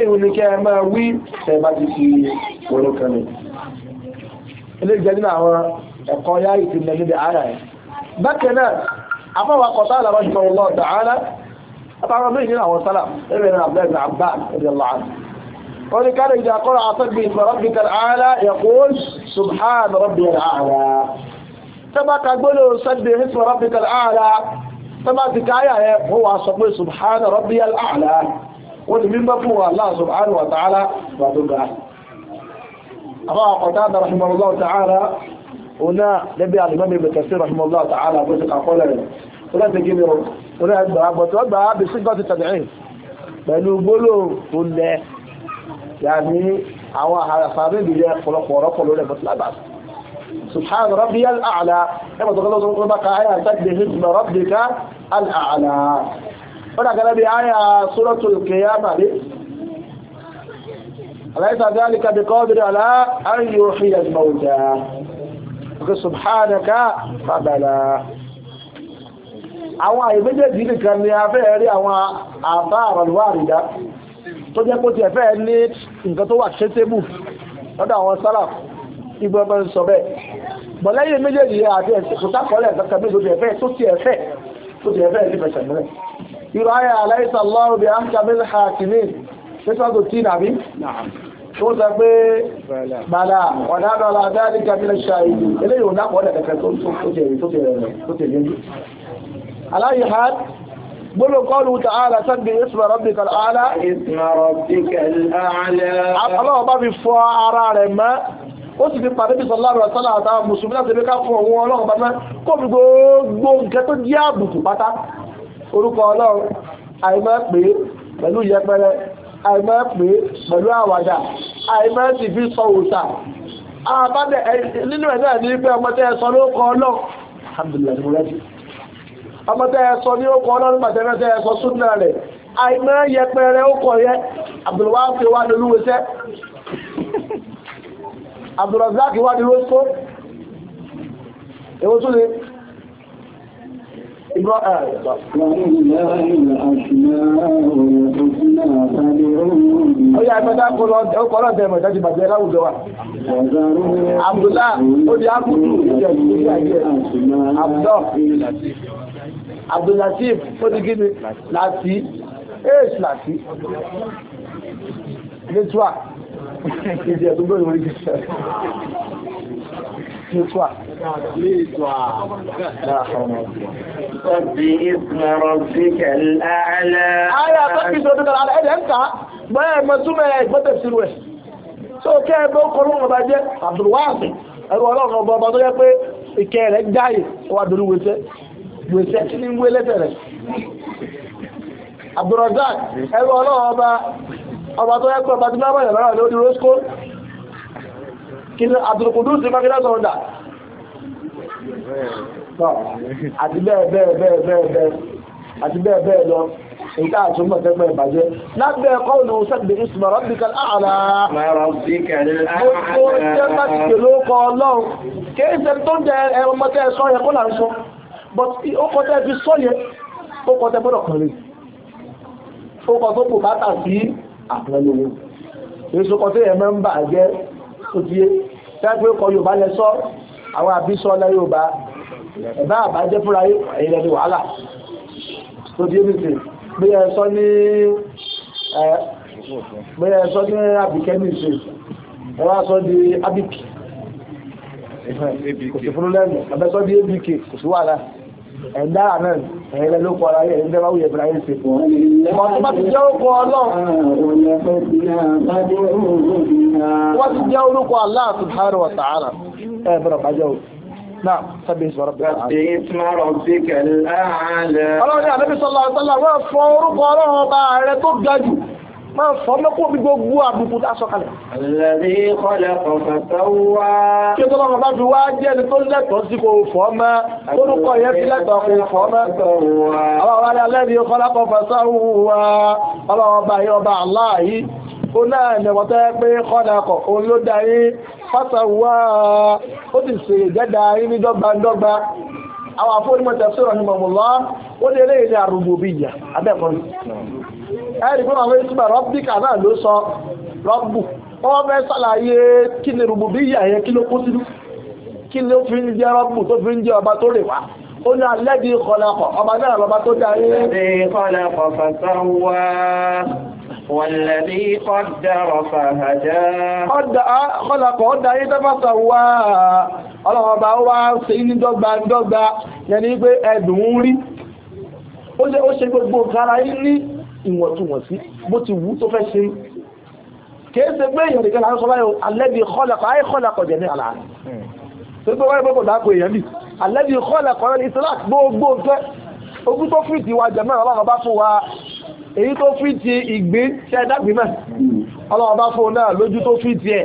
ilé ìjẹ́ nínú àwọn ẹ̀kọ́ yáyì ti lẹ níbi ara ẹ̀ bákan náà afọ́wà kọta àlàbà ṣe ọlọ́ tààlà àtàwọn méjì ní àwọn sálà ẹ̀rẹ̀ ní abdul abba ẹ̀rẹ̀ lọ́hàn wọ́n ni káàdì ìjà kọ́ra àtọ́gbì ìfọ̀rọ̀bì kàrà yaqul subhan rabbi al'ala tẹ́bà ka gbọ́dọ̀ sẹ́dẹ̀ ìfọ̀rọ̀bì kàrà tẹ́bà ti káyà ẹ̀ wọ́n wà sọ pé subhan rabbi al'ala mímọ́ fún wa Allah subhanahu wa ta'ala wà tó ga. Àwọn àkọ́tà da rahimahullah ta'ala هنا نبي على الإمام ابن كثير رحمه الله تعالى بس أقول لك ولا تجيب ولا أتبع وتتبع بصيغة التدعيم pẹ̀lú gbólóhùn tó lẹ yàní àwọn àfààní ìbílẹ̀ ọ̀pọ̀lọpọ̀ ọ̀rọ̀pọ̀ lórí ẹ̀bọ̀ tìlábà subhan rabbi al'ala ẹgbẹ̀ tó kọ́lọ́sọ́ kọ́lọ́ báka ayà tàbí hizma rabbi ka al'ala ó dà gẹ́gẹ́ bí ayà suratul qiyamah ní aláìsà dhalika bi pé subhanaka fàbàlá àwọn àyè méjèèjì nìkan ni a fẹ́ rí àwọn àbá àrọ̀lúwà àrídá tó jẹ́ kó ti ẹ̀fẹ́ ní nǹkan tó wà ṣe tébù lọ́dọ̀ àwọn sálà ìgbọ́gbọ́ ń sọ bẹ́ẹ̀ bọ̀lẹ́yìn méjèèjì àti ìkùsákọ̀ọ́lẹ̀ kankan méjèèjì ẹ̀fẹ́ tó ti ẹ̀fẹ́ tó ti ẹ̀fẹ́ ní fẹ̀sẹ̀ mẹ́rẹ̀ tí wọ́n sọ pé bàdà ọ̀dádọ́lá dáadé gàmílẹ̀ ṣáàìdì eléyìí ò dápọ̀ ọ̀dẹ̀ kẹfẹ́ tó tẹ̀lé aláyìí hàn gbọ́lọ̀ kọlu ta'ala sábẹ̀ isma rabbika al'ala isma rabbika al'ala aláwọ̀ bá fi fọ́ ara rẹ̀ mọ́ ó sì fi pàdé bísọ̀ láàrùn àtàlà àtàwọn mùsùlùmí láti rí ká fún ọwọ́ ọlọ́run bá mẹ́ kó fi gbogbo nǹkan tó jẹ́ àbùkù pátá orúkọ ọlọ́run àìmọ́ pé pẹ̀lú yẹpẹrẹ àìmọ́ pé pẹ̀lú àwàdà àìmọ́ sì fi sọ òòṣà àbádẹ́ nínú ẹ̀ náà ní pé ọmọdé ẹ̀sọ́ ló kọ ọlọ́run alhamdulillah ni mo rẹ́jì ọmọdé ẹ̀sọ́ ní ó kọ ọlọ́run pàtẹ́fẹ́sẹ́ ẹ̀sọ́ súnà rẹ̀ àìmọ́ yẹpẹrẹ ó kọ yẹ àbùrùwá fi wá ní olúwẹsẹ́ àbùrùwá fi wá ní olúwẹsẹ́ èwo tún ni Ọya ẹgbẹ́ta kọ́lọ́ tẹ̀mọ̀ ìdájí bàjẹ́ láwùjọ wa. Àbùdá, ó di ápùdù ìjẹ̀lú ìjẹ̀ Àbùdá, Àbùdàtíf, ó di gíní láti, نطوع بإذن ربك الأعلى آية تكفي سورة الأعلى إيه أنت ما مزومة ما تفسيره so kẹ́ ẹgbẹ́ ọkọ̀rún ọba jẹ́ Abdulwasi ẹ̀rọ ọlọ́run ọba ọba tó yẹ pé ìkẹ́ rẹ̀ jáyè wà dúró wẹsẹ́ wẹsẹ́ tí ní ń wé lẹ́tẹ̀ rẹ̀ Abdulrazak ẹ̀rọ ọlọ́run ọba ọba tó yẹ pé ọba tí bá bàyàn lọ́rọ̀ lórí roscoe Abdulkudus ní Makina Sọ́ndà àti bẹ́ẹ̀ bẹ́ẹ̀ bẹ́ẹ̀ bẹ́ẹ̀ àti bẹ́ẹ̀ bẹ́ẹ̀ lọ ìta àtúmọ̀ tẹ́gbẹ́ ìbàjẹ́ lábẹ́ ẹ̀kọ́ ònà òṣèlú ìsìnmọ̀ rọ́bìkà láàrá mo jẹ́ bá ti pè lóókọ ọlọ́run kìí ṣe tó jẹ ẹran mọ́tẹ́ ẹ̀sọ́ yẹ kó là ń sọ but ó kọ́ tẹ́ fi sọ yẹ ó kọ́ tẹ́ gbọ́dọ̀ kan rí ó kọ́ tó kù bátà sí àpẹẹlẹ owó èso kọ́ tẹ́ yẹ mẹ́ ń bà jẹ́ òtíye tẹ́gbé kọ Yorùbá lẹ sọ àwọn àbísọ ọlẹ Yorùbá ẹ̀bá àbá jẹ́ fúnra ẹ̀yìn lẹ́ni wàhálà tó di ébìsì bí ẹ sọ ní àbìkẹ́ ní ìṣe ẹ wá sọ di abik kò sí fún lẹ́nu ẹ̀bẹ́ sọ di abk kò sí ẹ̀dára náà ẹ̀rẹ́ ló kọ́ ara rẹ̀ ẹ̀rẹ́ wáwú ẹ̀bùra yẹn ṣe fún ọmọ tó bá ti jẹ́ orúkọ ọlọ́run wọ́n ti jẹ́ orúkọ Allah subhanahu wa ta'ala ẹ̀bùrọ̀ bàjẹ́ o Náà, sábẹ̀ ìṣọ́ máa sọ mẹ́kọ́ bí gbogbo àbùkù tásọ̀kalẹ̀. Àlẹ́rí kọlẹ̀ kọ̀kọ̀tọ̀ wá. Kí tó lọ́wọ́ bá fi wá jẹ́ ẹni tó lẹ́tọ̀ọ́ sí kò fọ́ mọ́, orúkọ yẹn fi lẹ́tọ̀ọ́ kò fọ́ mọ́. Ọlọ́wọ́ alẹ́ alẹ́rí kọlẹ̀ kọ̀kọ̀tọ̀ wá. Ọlọ́wọ́ bá yọ ọba aláàyí. Ó náà nẹ̀wọ̀ tẹ́ pé kọ́nà òun ló darí fásawá. Ó ti ṣe ìjẹ́dá ní dọ́gbandọ́gba. Àwọn àfọ́nímọ̀ tẹ̀síwọ̀n ni mọ̀mọ́lá. Ó ní eléyìí ní àrùbùbíyà. Abẹ́ẹ̀kọ́ ni. ẹ̀rì fún àwọn ìtumọ̀ rọ́bíkà náà ló sọ rọ́bù wọ́n fẹ́ sàlàyé kí ni rùbù bí ìyà kí ló kó sínú kí ló fi ń jẹ́ rọ́bù tó fi ń jẹ́ ọba tó rè wá ó ní ọba náà lọba tó dá yé. kọlẹ́kọ̀ wá ó gbogbo ìwọ̀ntúnwọ̀nsí bó ti wù tó fẹ́ ṣe kìí ṣe pé èèyàn nìkan láti sọ́láyò alẹ́bí kọ́lẹ̀kọ́ ayé kọ́lẹ̀kọ́ jẹ́ ní àlàáfíà tó tó wáyé pẹ́kọ̀ dákò èèyàn bì alẹ́bí kọ́lẹ̀kọ́ ní islam gbogbo nǹkan ogún tó fi ti wa jẹ̀mọ́ ọlọ́run bá fún wa èyí tó fi ti ìgbín ṣẹ́ dágbìmọ̀ ọlọ́run bá fún náà lójú tó fi ti ẹ̀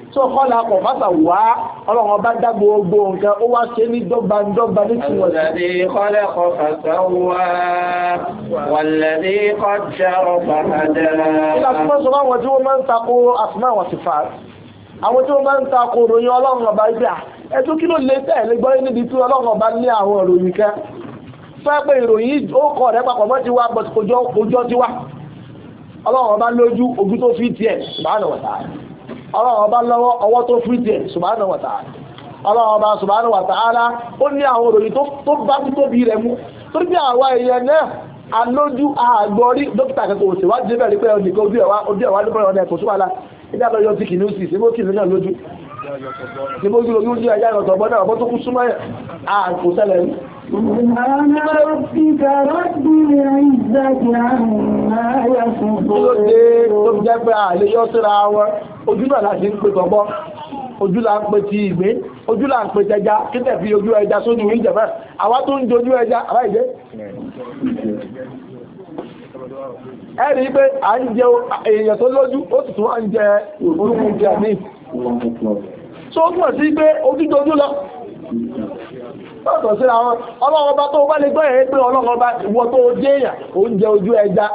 tó kọ́lá kọ̀ fásà wá ọlọ́run ọba dá gbogbo nǹkan ó wá ṣe ní dọ́gba dọ́gba ní tiwọn. Alladhi khalaqa fasawwa walladhi qaddara fahada. Ìlà tí wọ́n sọ fún àwọn tí wọ́n máa ń takò àsìmọ́ àwọn ti fà. Àwọn tí wọ́n máa ń takò ròyìn ọlọ́run ọba ibà. Ah, ẹ tún kí ló lè tẹ̀lé gbọ́ níbi tí ọlọ́run ọba ní àwọn ìròyìn kan. Fẹ́ pé ìròyìn ó kọ̀ rẹ̀ papọ̀ mọ́ ti wá bọ̀ kójọ́ ti wá. Ọlọ́run ọba lójú ojú tó fi tiẹ̀ subhanahu wa ta'ala ọlọ́run ọba lọ́wọ́ ọwọ́ tó fún ìtẹ̀ subhanahu wa ta'ala ọlọ́run ọba subhanahu wa ta'ala ó ní àwọn òròyìn tó bá tó tóbi rẹ̀ mú torí bí àwa èèyàn náà alójú àgbọ̀rí dókítà kẹkọọ òṣèwádìí bẹ̀rẹ̀ pé ọdún ojú ẹ̀wá ojú ẹ̀wá ló bẹ̀rẹ̀ ọ̀nà ẹ̀kọ́ súnmọ́lá ilé àlọ́yọ ti kìnnìún sí síbó kìnnìún náà lójú síbó ojú lójú ẹ̀yà ìrọ̀tọ̀gbọ́n náà ọ̀bọ́n tó kú súnmọ́ àkọsẹ́lẹ̀ rí سبحان ربك رب العزة عما يصفون ojú náà láti ń pè ojú là ń pè ti ìgbé ojú là ń pè tẹja fi ojú ẹja sójú ní ìjẹ̀fẹ́ tó ń ẹja pé ń jẹ èèyàn tó lójú ó sì tún wá ń tọ́tọ̀ síra wọn ọlọ́run ọba tó bá lè gbọ́ ẹ̀rẹ́ pé ọlọ́run ọba ìwọ tó jẹ́ èèyàn oúnjẹ ojú ẹja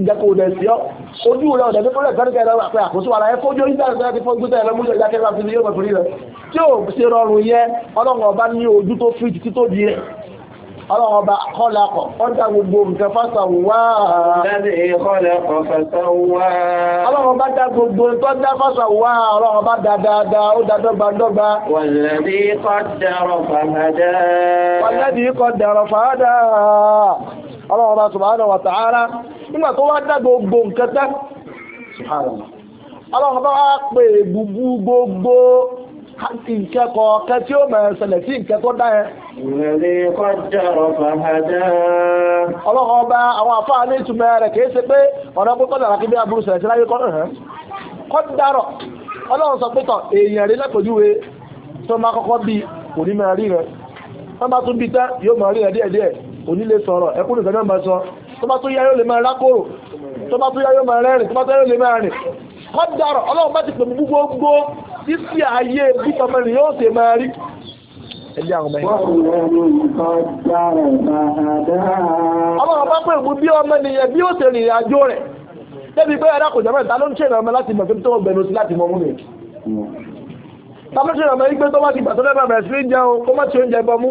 ìjẹ kò dẹ̀ sí ọ ojú rẹ ọ̀dẹ̀ tó kọ́lẹ̀ tọ́lẹ̀ kẹrẹ pé àkóso ara ẹ fójú orí dáadáa láti fọ́jú tẹ́ ẹlẹ́mú ìjọ ìjákẹ́ bá fi yóò fi rí rẹ tí ò ṣe rọrùn yẹ ọlọ́run ọba ní ojú tó fi títí tó di rẹ ọlọ́wọ́ bá kọ́lákọ̀ ọjá gbogbo nǹkan fásàwà ọlọ́wọ́ bá dá gbogbo tó dá fásàwà ọlọ́wọ́ bá dá dáadáa ó dá dọ́gbandọ́gba wàlẹ́bí kọ́ dẹ̀rọ fàádà ọlọ́wọ́ bá subhanahu wa ta'ala nígbà tó ìkẹ́kọ̀ọ́ kẹ́ tí ó mẹ̀rẹ̀ ṣẹlẹ̀ sí ìkẹ́kọ́ dáyẹ. ọlọ́run ọba àwọn àfáà ní ìtumẹ̀ rẹ̀ kìí ṣe pé ọ̀nà púpọ̀ dàrà kí bí aburú ṣẹlẹ̀ sí láyé kọ́ kọ́dárọ̀ ọlọ́run sọ pé tọ̀ èèyàn rí lẹ́pẹ̀júwe tó máa kọ́kọ́ bí kò ní máa rí rẹ̀ wọ́n bá tún bí tán yóò máa rí rẹ̀ díẹ̀díẹ̀ onílé sọ̀rọ̀ ẹkùnrin kan náà máa sọ tó bá tún yá yóò lè máa rákòrò tó bá tún kọ́dàrọ̀ ọlọ́run bá ti pè mú gbogbo títí ayé bí tọmọ ni yóò ṣe máa rí ẹgbẹ́ àwọn ọmọ ọlọ́run bá pè mú bí ọmọ nìyẹn bí ó ṣe rìnrìn àjò rẹ̀ débi pé ẹ̀dá kò jẹ́mọ̀ ló ń ṣe ìrànmọ́ láti mọ̀ tó ń tàbí ṣe ìrànmọ́ yí tó bá ti gbà tó lẹ́bàá bẹ̀rẹ̀ sí ní jẹun kó má ti oúnjẹ bọ mú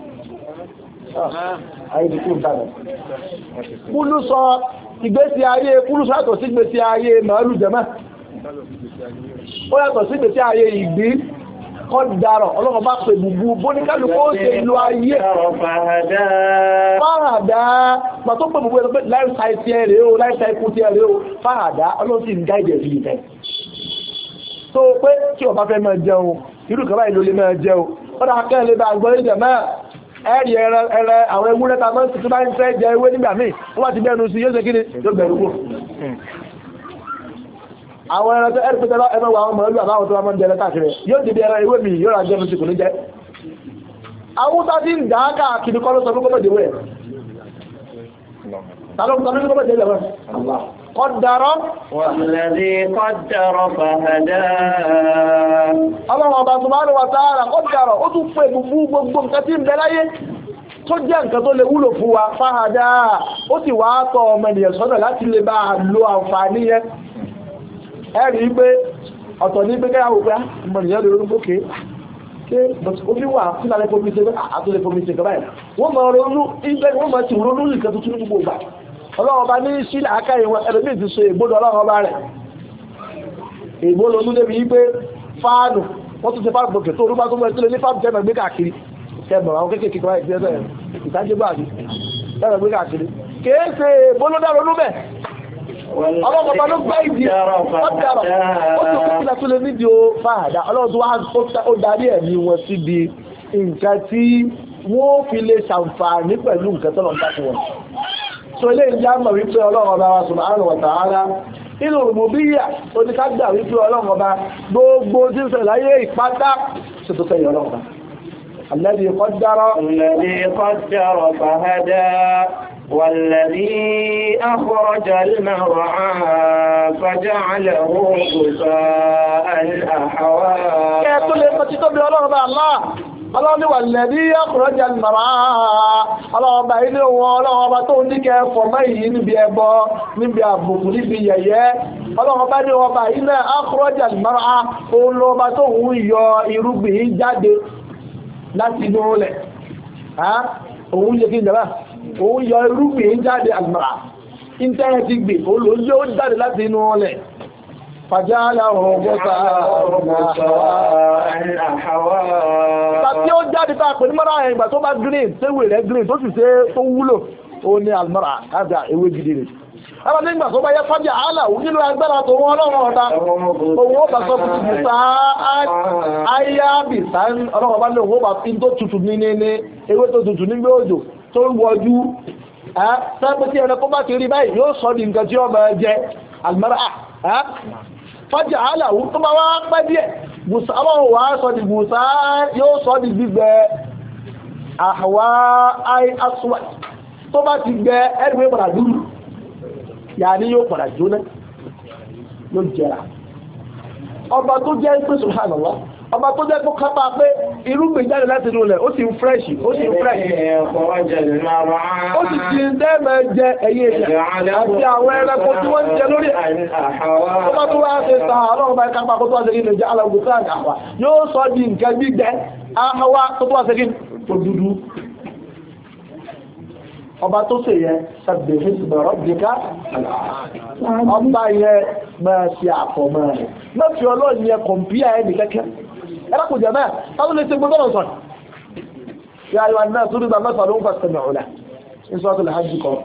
Ah, ayébi kú ìtànà kúlù sọ ìgbésí ayé kúlù sọ yàtọ̀ sí ìgbésí ayé màálù jẹ́mọ́ ó yàtọ̀ sí ìgbésí ayé ìgbí kọ́ darọ̀ ọlọ́run bá pè gbogbo bóníkálù kó ṣe ìlú ayé fáhàdá ma tó pè gbogbo ẹ̀rọ pé láìsáì tí ẹ̀rẹ́ o láìsáì kú tí ẹ̀rẹ́ o fáhàdá ọlọ́run sì ń gáìdẹ̀ ẹ̀rì ẹ̀rẹ̀ àwọn ewúrẹ́ ta máa ń tuntun bá ń fẹ́ jẹ ewé nígbà míì wọ́n bá ti bẹ́ẹ̀ nu sí yóò ṣe kí ni yóò bẹ̀rù kù àwọn ẹran tó ẹ̀rì pé tẹ́lá ẹmọ àwọn mọ̀lú àbáwọn tó máa ń jẹrẹ káàkiri yóò ti di ẹran ewé mi yóò ra jẹ́ mi ti kò ní jẹ́ àwọn tá ti ń dà á káàkiri kọ́ ló sọ fún gómìnà ìdíwẹ̀ قدر والذي قدر فهدى الله ọba subhanahu wa ta'ala قدر ó tún fẹ́ gbogbo gbogbo nǹkan tí ń bẹ láyé tó jẹ́ nǹkan tó lè wúlò fún wa fáhadá ó sì wá tọ́ ọmọ ènìyàn sọ́nà láti lè bá lo àǹfààní yẹn ẹ̀rí pé ọ̀tọ̀ ní pé kẹ́yà ah, ọmọ ènìyàn lè ronú pókè pé ah, ó fi wà fún alẹ́kọ̀ọ́ ṣe àtúnlẹ̀kọ̀ọ́ mi ṣe gaba ah, ẹ̀ ọlọ́run bá ní sílà aká ìwọ̀n ẹlòmíì ti so ègbódò ọlọ́run bá rẹ̀ ègbó ló tún débi wípé fáànù wọ́n tún ti fáànù gòkè tó rúbá tó mọ́ ẹtúlẹ̀ ní fáànù tẹ́mọ̀ gbé káàkiri tẹ́mọ̀ àwọn kéékèèké kan ẹ̀sìn ẹ̀sẹ̀ ìtajẹ́gbà àti tẹ́mọ̀ gbé káàkiri kéèsè ègbó ló dárò lúbẹ̀ ọlọ́run bá ló gbá ìdí ọ̀dàrọ̀ ó ti kú sílẹ̀ tó lé nídìí ó fàdà ọlọ́run tó wá ó darí ẹ̀mí wọn síbi nǹkan tí wọ́n fi lè ṣàǹfààní pẹ̀lú nǹkan tó lọ́n bá fún wọn so ilé ìyá mọ̀ wípé ọlọ́run ọba wa subhanahu wa ta'ala inú rùbùbíyà oníkágbà wípé ọlọ́run ọba gbogbo tí ń sẹ̀ láyé ìpátá ṣètò sẹ́yìn ọlọ́run ọba الذي قدر الذي قدر فهدى والذي أخرج المرعى فجعله غثاء أحوى ọlọ́niwà lẹ́bí ọkùnrọ́jà màmá ọlọ́ọba ilé wọn ọlọ́ọba tó ní kẹ fọ̀mọ́ yìí níbi ẹbọ níbi àbùkù níbi yẹ̀yẹ́ ọlọ́ọba ní ọba ilé ọkùnrọ́jà màmá òun lọ́ọba tó ń yọ irúgbìn jáde láti inú rẹ̀ òun yẹ kí n dàbà òun yọ irúgbìn jáde àgbàrá íńtánẹ́ẹ̀tì gbè òun ló yóò jáde láti inú rẹ̀ fàjálà ọ̀gbọ́ta tàbí ó jáde tàà pẹ̀lú mara ẹ̀yìn ìgbà tó bá green tẹ́wẹ̀ green tó sì ṣe tó wúlò ó ní almara àgbà ewé gidi rẹ̀ ara ní ìgbà tó bá yẹ fàjá àlà nílò agbára tó wọ́n ọlọ́run ọ̀dá òun ó bá sọ tuntun sáà áyá bì sáà ọlọ́run ọba ní òun ó bá fi tó tutù ní ní ewé tó tutù nígbé òjò tó ń wọjú sáà pé tí ẹranko bá ti rí fájà aláwú tó bá wá pẹ́ díẹ̀ bùsà ọlọ́run wà sọ di bùsà yóò sọ di gbígbẹ àwa ai aswa tó bá ti gbẹ ẹgbẹ́ padà dúró yàní yóò padà jóná ló jẹra ọba tó jẹ́ pé sùhánàlá ọba tó jẹ́ kó kápá pé irúgbìn jáde láti inú rẹ̀ ó sì ń fẹ́ṣì ó sì ń fẹ́ṣì ó sì ti dẹ́mẹ̀ jẹ ẹ̀yẹ ìyà àti àwọn ẹranko tí wọ́n jẹ lórí ọba tó wá ṣe sàárọ̀ ọba ìkápá kó tó wá ṣe kí nìjẹ́ alágùsáàdì àwà yóò sọ di nǹkan gbígbẹ àwà tó tó wá ṣe kí tó dúdú ọba tó sì yẹ sàbẹ̀ ìsìnbẹ̀rọ̀ dìkà ọba yẹ máa ṣe àfọ̀mọ́ rẹ̀ lọ́fí ọlọ́ọ̀ni yẹ kọ̀m̀píà ẹnì kẹ́kẹ́ ẹlẹ́kùn jẹ̀mẹ́ táwọn lè ṣe gbogbo ọ̀rọ̀ sọ̀rọ̀ yà ayọ̀ àdínà tó dùgbà mẹ́fà ló ń fà sẹ̀mẹ̀ ọ̀la ní lè hajj kan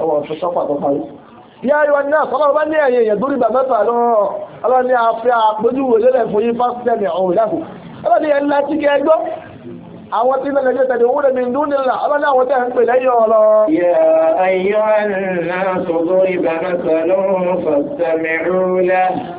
ọwọ́ àwọn tí lẹ́lẹ̀ jẹ́ tẹ̀lé òun lẹ́mí ìdún nílà ọlọ́lá àwọn tẹ́ ń pè lẹ́yìn ọ̀lọ́. yà ayọ́ àná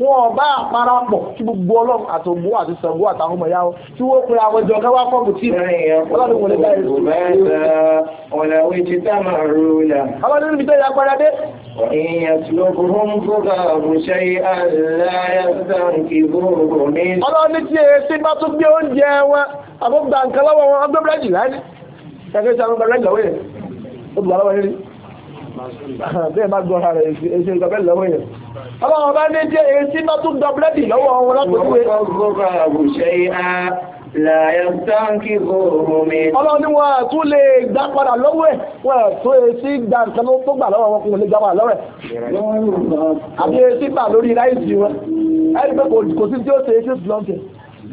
wọn ọba àparapọ̀ tí gbogbo ọlọ́run àtògbó àti Ṣàngó àtàwọn ọmọ ìyáwó tí wọ́n pe àwọn ìjọ kẹwàá kọ́ọ̀bù tí ọlọ́run wọlé báyìí ọlọ́run níbi tẹ́ ìyàpẹ́rẹ́ bá tún gbé oúnjẹ wọn àbúgbà nǹkan lọ́wọ́ wọn ọgbẹ́bẹ́rẹ́ jù láti bẹ́ẹ̀ bá gbọ́ra rẹ̀ èsì nǹkan bẹ́ẹ̀ lọ́wọ́ yẹn ọlọ́run bá ní jẹ́ èsì bá tún dọ búrẹ́dì lọ́wọ́ wọn lápòjúwe ọlọ́run ni wọ́n tún lè gbá padà lọ́wọ́ ẹ̀ wọ́n tó èsì gbà nǹkan tó gbà lọ́wọ́ wọn kún lè gbà padà lọ́wọ́ ẹ̀ àbí èsì gbà lórí láìsí wọn ẹni pé kò sí tí ó ṣe èsì lọ́nkẹ̀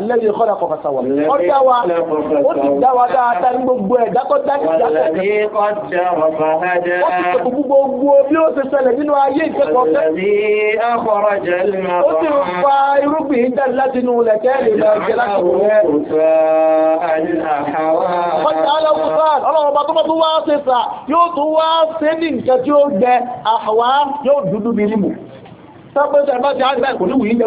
alẹ́yìn kọ́ra kọ̀ọ̀kan sáwà ó dá wa ó ti dá wa dáadáa ní gbogbo ẹ̀ dákọ́ dájú dákọ́ ó ti sọ gbogbo bí ó ṣe ṣẹlẹ̀ nínú ayé ìkẹ́kọ̀ọ́ fẹ́ ó ti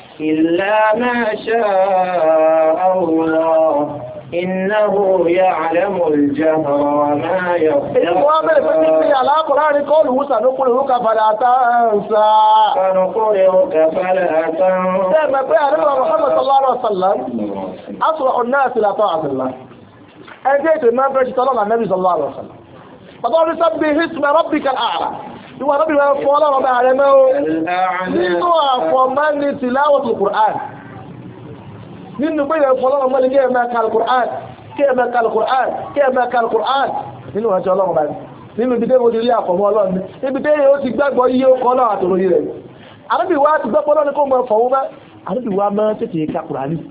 إلا ما شاء الله إنه يعلم الجهر وما يخفى قوله فلا تنسى سنقرئك تنسى قال محمد صلى الله عليه وسلم الناس إلى طاعة الله أنت الإمام بيجي صلى الله عليه وسلم فقال سبح اسم ربك الأعلى ìwọ̀n tó bìrẹ̀ fún ọlọ́run bá rẹ̀ mẹ́ o nínú àfọ̀mánì ti láwọ̀tò Qur'an nínú pé ìrẹ̀ fún ọlọ́run mọ́lẹ̀ kí ẹ máa kàl Qur'an kí ẹ máa kàl Qur'an kí Qur'an nínú ọjọ́ ọlọ́run bá nínú ibi tẹ́wọ́ ti rí àfọ̀mọ́ ọlọ́run ibi tẹ́yẹ ó ti gbàgbọ́ iye ó kọ́ ọlọ́run àtòrò yìí rẹ̀ àdébìwá ti gbọ́pọ́ ọlọ́run kó mọ fọ̀wọ́ bá àdébìwá máa tètè ka Qur'an yìí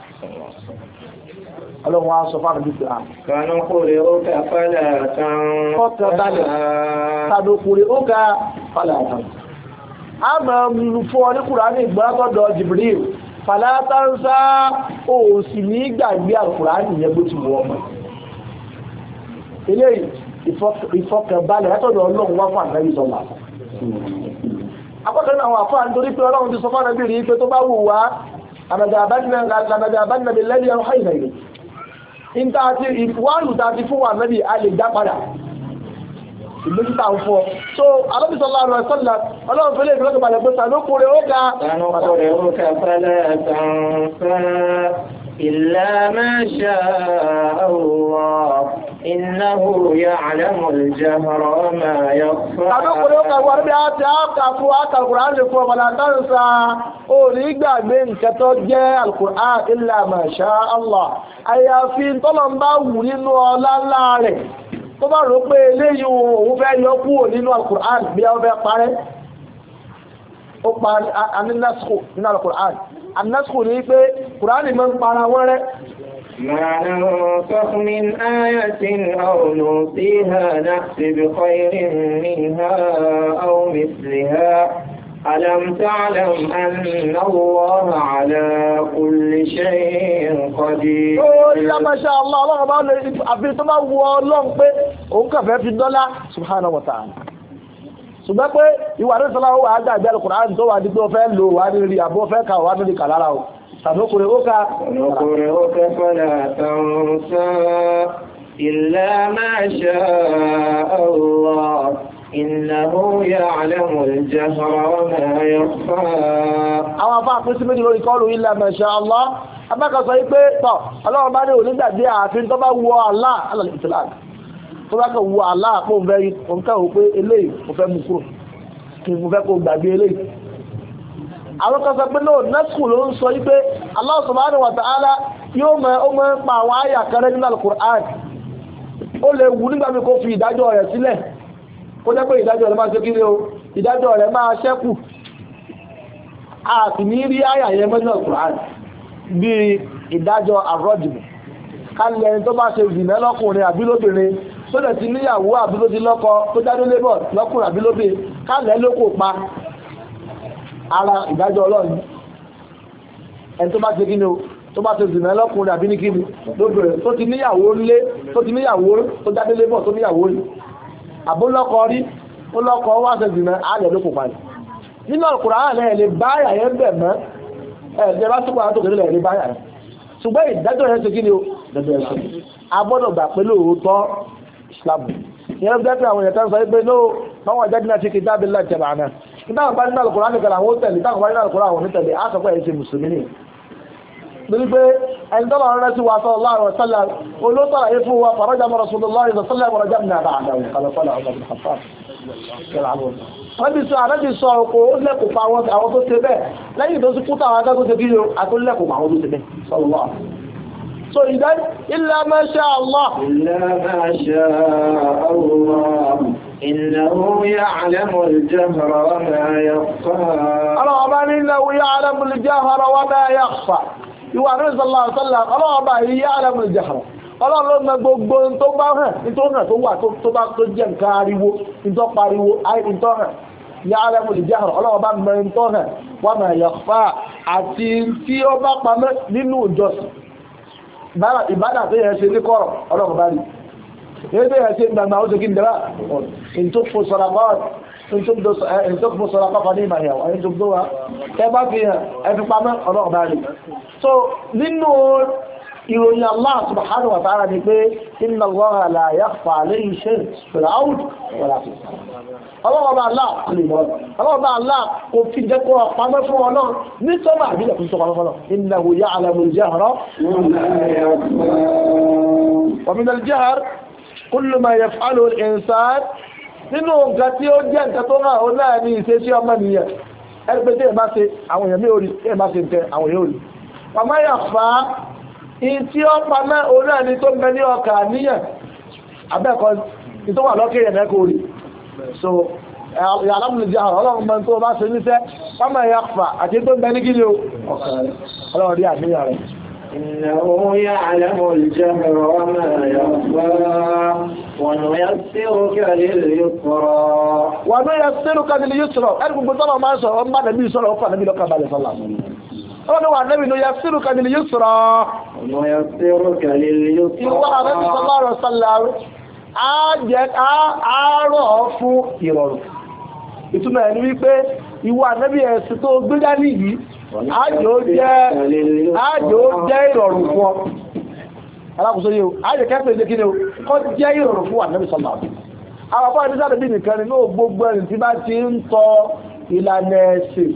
ọlọ́run wá sọ fáàmì bí fìlà. kànú kúrè ó ká fàlà tán. kọ́tà balẹ̀ kànú kúrè ó ká fàlà tán. a máa ń fún ọ ní kùránì ìgbọ́nàtọ̀dọ̀ Jibril fàlà tán sá o sì ní gbàgbé àkùránì yẹn bó ti wọ ọmọ. eléyìí ìfọkànbalẹ̀ látọ̀dọ̀ ọlọ́run wá fún àgbáyé sọ̀lá akọ́kọ́ náà wà fún àntorí pé ọlọ́run ti sọ fún àrẹ́bìnrin pé tó bá wù wá àmàdà àbánilẹ̀ lẹ́yìn ọ̀hán ìrẹ̀lẹ̀ ìntàtí ìwánù tàbí fún wà mẹ́bí a lè dá padà ìgbésíta ń fọ́ so alọ́bìsọ́lá rọ̀ sọ́lá ọlọ́run fẹ́lẹ̀ ìfẹ́lẹ́ إلا ما شاء الله إنه يعلم الجهر ما يخفى أقول لك أقول لك أقول لك القرآن لكم ولا تنسى أوليك من كتوجه القرآن إلا ما شاء الله أي فين طلب باولين ولا لا tó bá rò pé eléyìí òun fẹ́ yọ kúrò nínú alukur'an bí a fẹ́ parẹ́ ó pa anínáṣkò nínú àlọ́ kùrán anínáṣkò ní pé kùrán ni máa ń para wọ́n rẹ́ ألم تعلم أن الله على كل شيء قدير إلا ما شاء الله الله bá lè àfi tó bá wọ ọlọ́run pé òun kàfẹ́ fi dọ́lá subhanahu wa ṣùgbọ́n pé ìwà ní sọ́lá wà gbàgbé Al-Qur'an tó wà ní pé ó fẹ́ lò wà ní rí àbọ́ fẹ́ kà wà ní kà lára o tàbí ó ká يعلم الجهر àwọn afá pín sí méjì lórí kọlù ilẹ̀ mẹ́ṣẹ́ Allah abẹ́kọ̀ọ́ sọ wípé tọ́ ọlọ́run bá ní òní gbàgbé ààfin bá wọ Allah alàlẹ́ tó bá kàn wo aláàpò ń fẹ́ yí mo ń kàwé pé eléyìí mo fẹ́ mú kúrò kan sọ pé náà nẹ́sùn ló ń sọ yí pé Allah subhanahu wa ta'ala yóò mọ ó mọ pa àwọn àyà kan nínú al-Qur'an ó fi sílẹ̀ kó jẹ́ pé ìdájọ́ rẹ̀ máa ṣe kí o ìdájọ́ rẹ̀ máa ṣẹ́kù àti ní rí bí ìdájọ́ sọ́dọ̀ ti níyàwó àbí ló ti lọ́kọ tó jáde lébọ̀ lọ́kùnrin àbí lóbe kálẹ̀ ló kò pa ara ìdájọ́ ọlọ́run ẹni tó bá ṣe kí ni o tó bá ṣe zìnà lọ́kùnrin àbí ní kí ni lóbìnrin tó ti níyàwó lé tó ti níyàwó tó jáde lébọ̀ tó níyàwó rí àbó lọ́kọ rí ó lọ́kọ wá ṣe zìnà alẹ̀ ló kò pa nínú ọkùnrin àlẹ́ ẹ̀ lè bá àyà bẹ̀ mọ́ ẹ̀ jẹ́ bá sọ́kùnrin àtòkè lè bá àyà ṣùgbọ́n ìdájọ́ yẹn ṣe kí ni o dẹ̀dẹ̀ ẹ̀ṣẹ̀ a gbọ́dọ̀ gbà pé lóòótọ́ islam ìyẹn ló jẹ́ pé àwọn èèyàn kan sọ pé no báwọn jáde náà ṣe kí dábì láì tẹ̀lé àná ìtàwọn bá nínú àlùkòrò ànìkan àwọn ó tẹ̀lé ìtàwọn bá nínú àlùkòrò àwọn onítẹ̀lé á sọ pé ẹ̀yìn ṣe mùsùlùmí ni nítorí pé ẹni tó lọ́rọ́ sí wa sọ́lá àwọn sọ́lá olóòtú àyè fún wa fàrájà mọ́ rasulullah ìsọ̀ sọ́lá àwọn ọjà so idan illa ma sha Allah illa ma sha Allah innahu ya'lamu al-jahra wa ma yakhfa Allah ba ni innahu ya'lamu al-jahra wa ma yakhfa ìwà ní ìsọ́lá ọ̀sọ́lá ọlọ́ọ̀bá yìí ya'lamu al-jahra ọlọ́run ló mọ gbogbo tó bá hàn nítorí hàn tó wà tó bá tó jẹ́ nǹkan ariwo nítọ́ pariwo àìntọ́ hàn ní alamu lè jẹ́ àrùn ọlọ́run bá mọ nítọ́ hàn wọ́n mọ̀ ẹ̀yọ̀ fà àti tí ó bá pamẹ́ nínú ìjọsìn ìbádà tó yẹ ṣe ní kọ̀rọ̀ ọlọ́run bá rí èyí tó yẹ ṣe ń gbàgbà ó ṣe kí n dẹ́rà ìtòkùn sọ̀rọ̀ ìtòkùn sọ̀rọ̀ kọfà ní ìmàyàwó ẹni tó gbówà ẹ bá fi hàn ẹ fi pamọ́ ọlọ́run bá rí so nínú ìròyìn Allah subhanahu wa ta'ala ni pé inna Allaha la yakhfa alayhi shay'un fil ardi wa la fis sama ọlọ́ọ̀bá Allah kò lè mọ́ ọlọ́ọ̀bá Allah kò fi jẹ́ kó pamọ́ fún ọlọ́ ní sọ́mà àbílẹ̀ fún sọ́mà fọ́lọ́ nínú nǹkan tí ó jẹ́ nǹkan tó náà ó náà ní ìṣesí ọmọ nìyẹn ẹgbẹ́ tí ẹ̀ bá ṣe àwọn èèyàn mi ò rí bá ṣe nǹkan àwọn èèyàn ò rí wa ma ìtí ó mẹ́ orí ẹni tó mẹ́ ní ọkà níyàn abẹ́ẹ̀kọ́ tí tó wà lọ́kẹ́ yẹn kò rí so alámùlùjá ọlọ́run mẹ́ tó bá ṣe níṣẹ́ ọmọ ẹ̀yà fà àti tó mẹ́ ní gílé ọkà rẹ̀ ọlọ́run rí àníyàn rẹ̀ ya ọlọ́dún wà nẹ́bì ló yẹ sírù kàlìlì yóò sọ̀rọ̀ ìwọ àrẹ́bì sọ́lọ́rọ̀ sọ́lọ́rọ̀ àárọ̀ fún ìrọ̀rùn ìtumọ̀ ẹni wípé ìwọ àrẹ́bì ẹ̀sìn tó gbé dání yìí àjò jẹ́ ìrọ̀rùn fún ọ alákòóso yìí o àjò kẹfẹ́ ilé kíni o kọ́ jẹ́ ìrọ̀rùn fún àrẹ́bì sọ́lọ́rọ̀ àwọn afọ́ ẹni sáà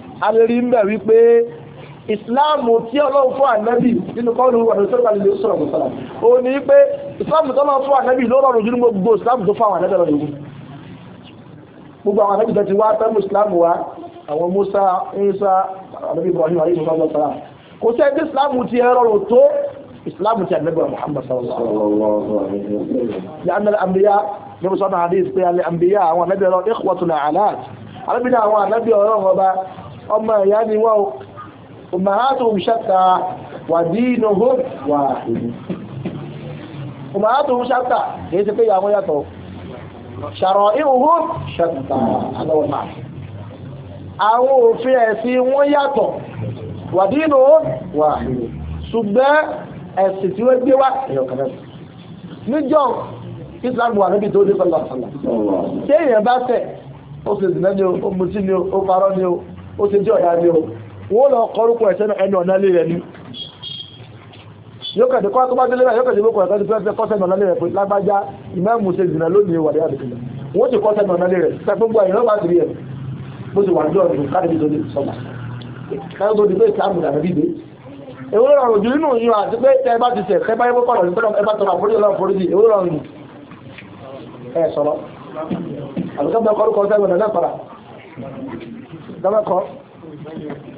a lè rí mbẹ̀ wípé ìsìláàmù tí ọlọ́run fún ànábì nínú kọ́ọ̀lù ọ̀dọ̀ tó gbà lè sọ̀rọ̀ kò sọ̀rọ̀ ó ní pé ìsìláàmù tó máa fún ànábì ló rọrùn jù ní gbogbo ìsìláàmù tó fún àwọn ànábì lọ́dọ̀ gbogbo àwọn ànábì tó ti wá tẹ́mù ìsìláàmù wa àwọn Musa Isa ànábì Ibrahim alayhi sallallahu alayhi wa sallam kò sí ẹgbẹ́ ìsìláàmù ti ẹ rọrùn tó ìsìláàmù ti ànábì Muhammad sallallahu alayhi wa sallam lẹ́yìn àmìyá níbi sọ́nà àdéhìí pé àmìyá àwọn ànábì ọlọ́run ìkwàtúnà àlá ànábì àwọn ànábì ọlọ́run ọba ọmọ ìyá ni wọ́n o ummahatuhum shatta wa dinuhum wahid ummahatuhum shatta kìí ṣe pé ìyàwó yàtọ̀ shara'i'uhum shatta aláwọ̀ máa àwọn òfin ẹ̀sìn wọn yàtọ̀ wa dinuhum wahid ṣùgbọ́n ẹ̀sìn tí wọ́n gbé wá ẹ̀yọ̀ níjọ́ islam wà níbi tó dé sọ́lá sọ́lá tí èèyàn bá tẹ̀ ó sì zìnà ni ó mutí ni ó parọ́ ni ó ó ti jẹ́ ọ̀dá ní o wọ́n lọ kọrúkọ ẹ̀ṣẹ́ ẹni ọ̀nà lè rẹ̀ ní yóò kẹ̀dẹ̀ kọ́ tó bá délé yóò kẹ̀dẹ̀ kọ́ tó fẹ́ kọ́sẹ̀ ọ̀nà lè rẹ̀ pé lágbájá ìmáàmù ṣe zìnà lónìí wà láyé àdìsílẹ̀ wọ́n ti kọ́sẹ̀ ọ̀nà lè rẹ̀ sẹ́ gbogbo àyìn lọ́ba àdìrí ẹ̀ bó ti wà ní ọ̀dùn káàdì tó lè sọ́mà káàdì tó lè pé ìsàmù dàbí dìde èwo ló rọrùn jù nínú yìí àti pé tẹ bá ti sẹ̀ kẹ́ bá yẹ kọ́ lọ́rùn ẹ bá tọrọ àforíjì lọ́rùn àforíjì èwo rọrùn ẹ sọ̀rọ̀ àbíkọ́ bẹ́ẹ̀ kọ́ lóko ọ̀sẹ̀ ìwọ̀n náà fara dábẹ́kọ́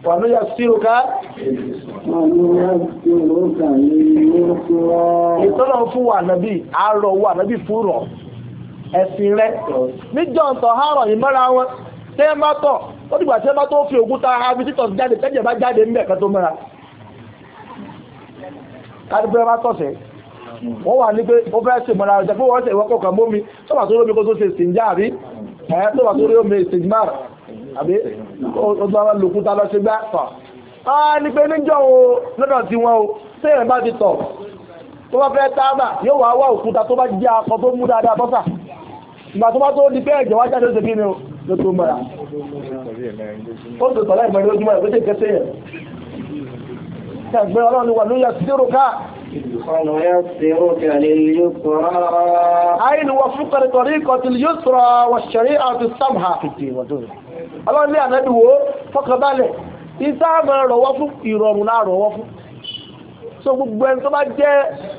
wà ló yà sírò ká ìtọ́nà fún wà nàbí àárọ̀ wà nàbí fún rọ̀ ẹ̀sìn rẹ̀ níjọ́ ń tọ̀ hárọ̀ ìmọ́ra wọn tẹ́ má tọ̀ ó dìgbà tí ẹ bá tó fi òkúta abi jáde tẹ́jẹ̀ bá jáde níbẹ̀ kan tó mẹ́ra kádìbẹ́ bá tọ̀sẹ̀ wọ́n wà ní pé ó fẹ́ ṣe mọ́ra ọjà pé wọ́n ṣe ìwọ́kọ̀ kan tó kó tó ṣe ẹ̀ tó àbí ọdún àwọn lòkúta lọ ṣe gbá fà ah ní pé níjọ́ o lọ́dọ̀ tí wọ́n o tí èèyàn bá ti tọ̀ tó bá fẹ́ tábà yóò wá wá òkúta tó bá jẹ́ akọ tó mú dáadáa bọ́sà ìgbà tó bá tó di pé ẹ̀jẹ̀ wá jáde ó ṣe kí ni o ló tó mọ́ra ó sì tọ̀lá ìmọ̀ ìlú ojúmọ́ ìgbésẹ̀ kẹsẹ̀ yẹn ونيسرك لليسرى أين وفق لطريقة اليسرى والشريعة السمحة ọlọ́run ní ànẹ́dùwó fọ́kànbálẹ̀ ìsáàmà rọ̀wọ́ fún ìrọ̀rùn náà rọ̀wọ́ fún so gbogbo ẹni tó bá jẹ́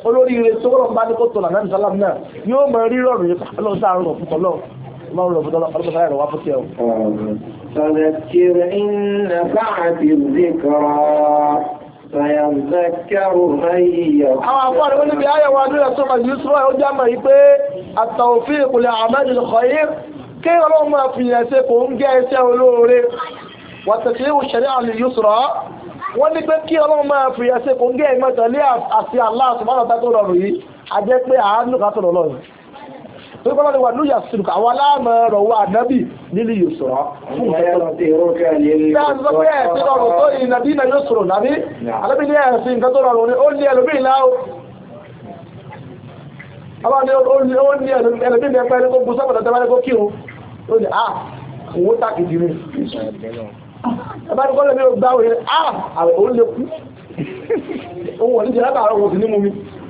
olórí ire tó rọ̀ bá ní kó tọ̀nà náà sálàm náà yóò mọ̀ rí rọ̀rùn yìí rọ̀ fún tọ́lọ́ ọlọ́run rọ̀ fún tọ́lọ́ fún tẹ́ ọ Àwọn àfọ́rẹ̀ wọ́n níbi ayẹ̀wọ̀ adúrẹ̀ sọ́kà Yusuf ó jámà yí pé àtàwòfí ìpìlẹ̀ àmàdì lọ́kọ̀ọ́yé kí ọlọ́run máa fi ẹ̀ṣẹ́ kò ń gẹ́ ẹ̀ṣẹ́ olóore. Wàtàkì ìwòṣẹ̀rẹ̀ àlè Yusuf wọ́n ní pé kí ọlọ́run máa fi ẹ̀ṣẹ́ kò ń gẹ́ ìmọ̀tẹ̀lé àti Allah subhanahu wa ta'ala tó rọrùn yìí, a jẹ́ pé àánú ká tó lọ́rùn tó kọ́ lọ́dún wà ní yà sùrùkà àwọn aláàmọ̀ ọ̀rọ̀ wà nábì nílì yóò sọ̀rọ̀ fún ìfẹ́ àwọn ni ó ní ẹlẹ́bí ní ẹgbẹ́ ẹlẹ́gbẹ́ gbọ́sọ́ pẹ̀lú ẹgbẹ́ ẹgbẹ́ kírun ó ní àà ah, owó tàkìdì rẹ̀ ẹgbẹ́ ẹgbẹ́ lẹ́bí ó gbáwẹ̀ àà àwọn olè kú ohun ọ̀lẹ́jẹ̀ látàrà ọ̀rọ̀ òsì ní mú mi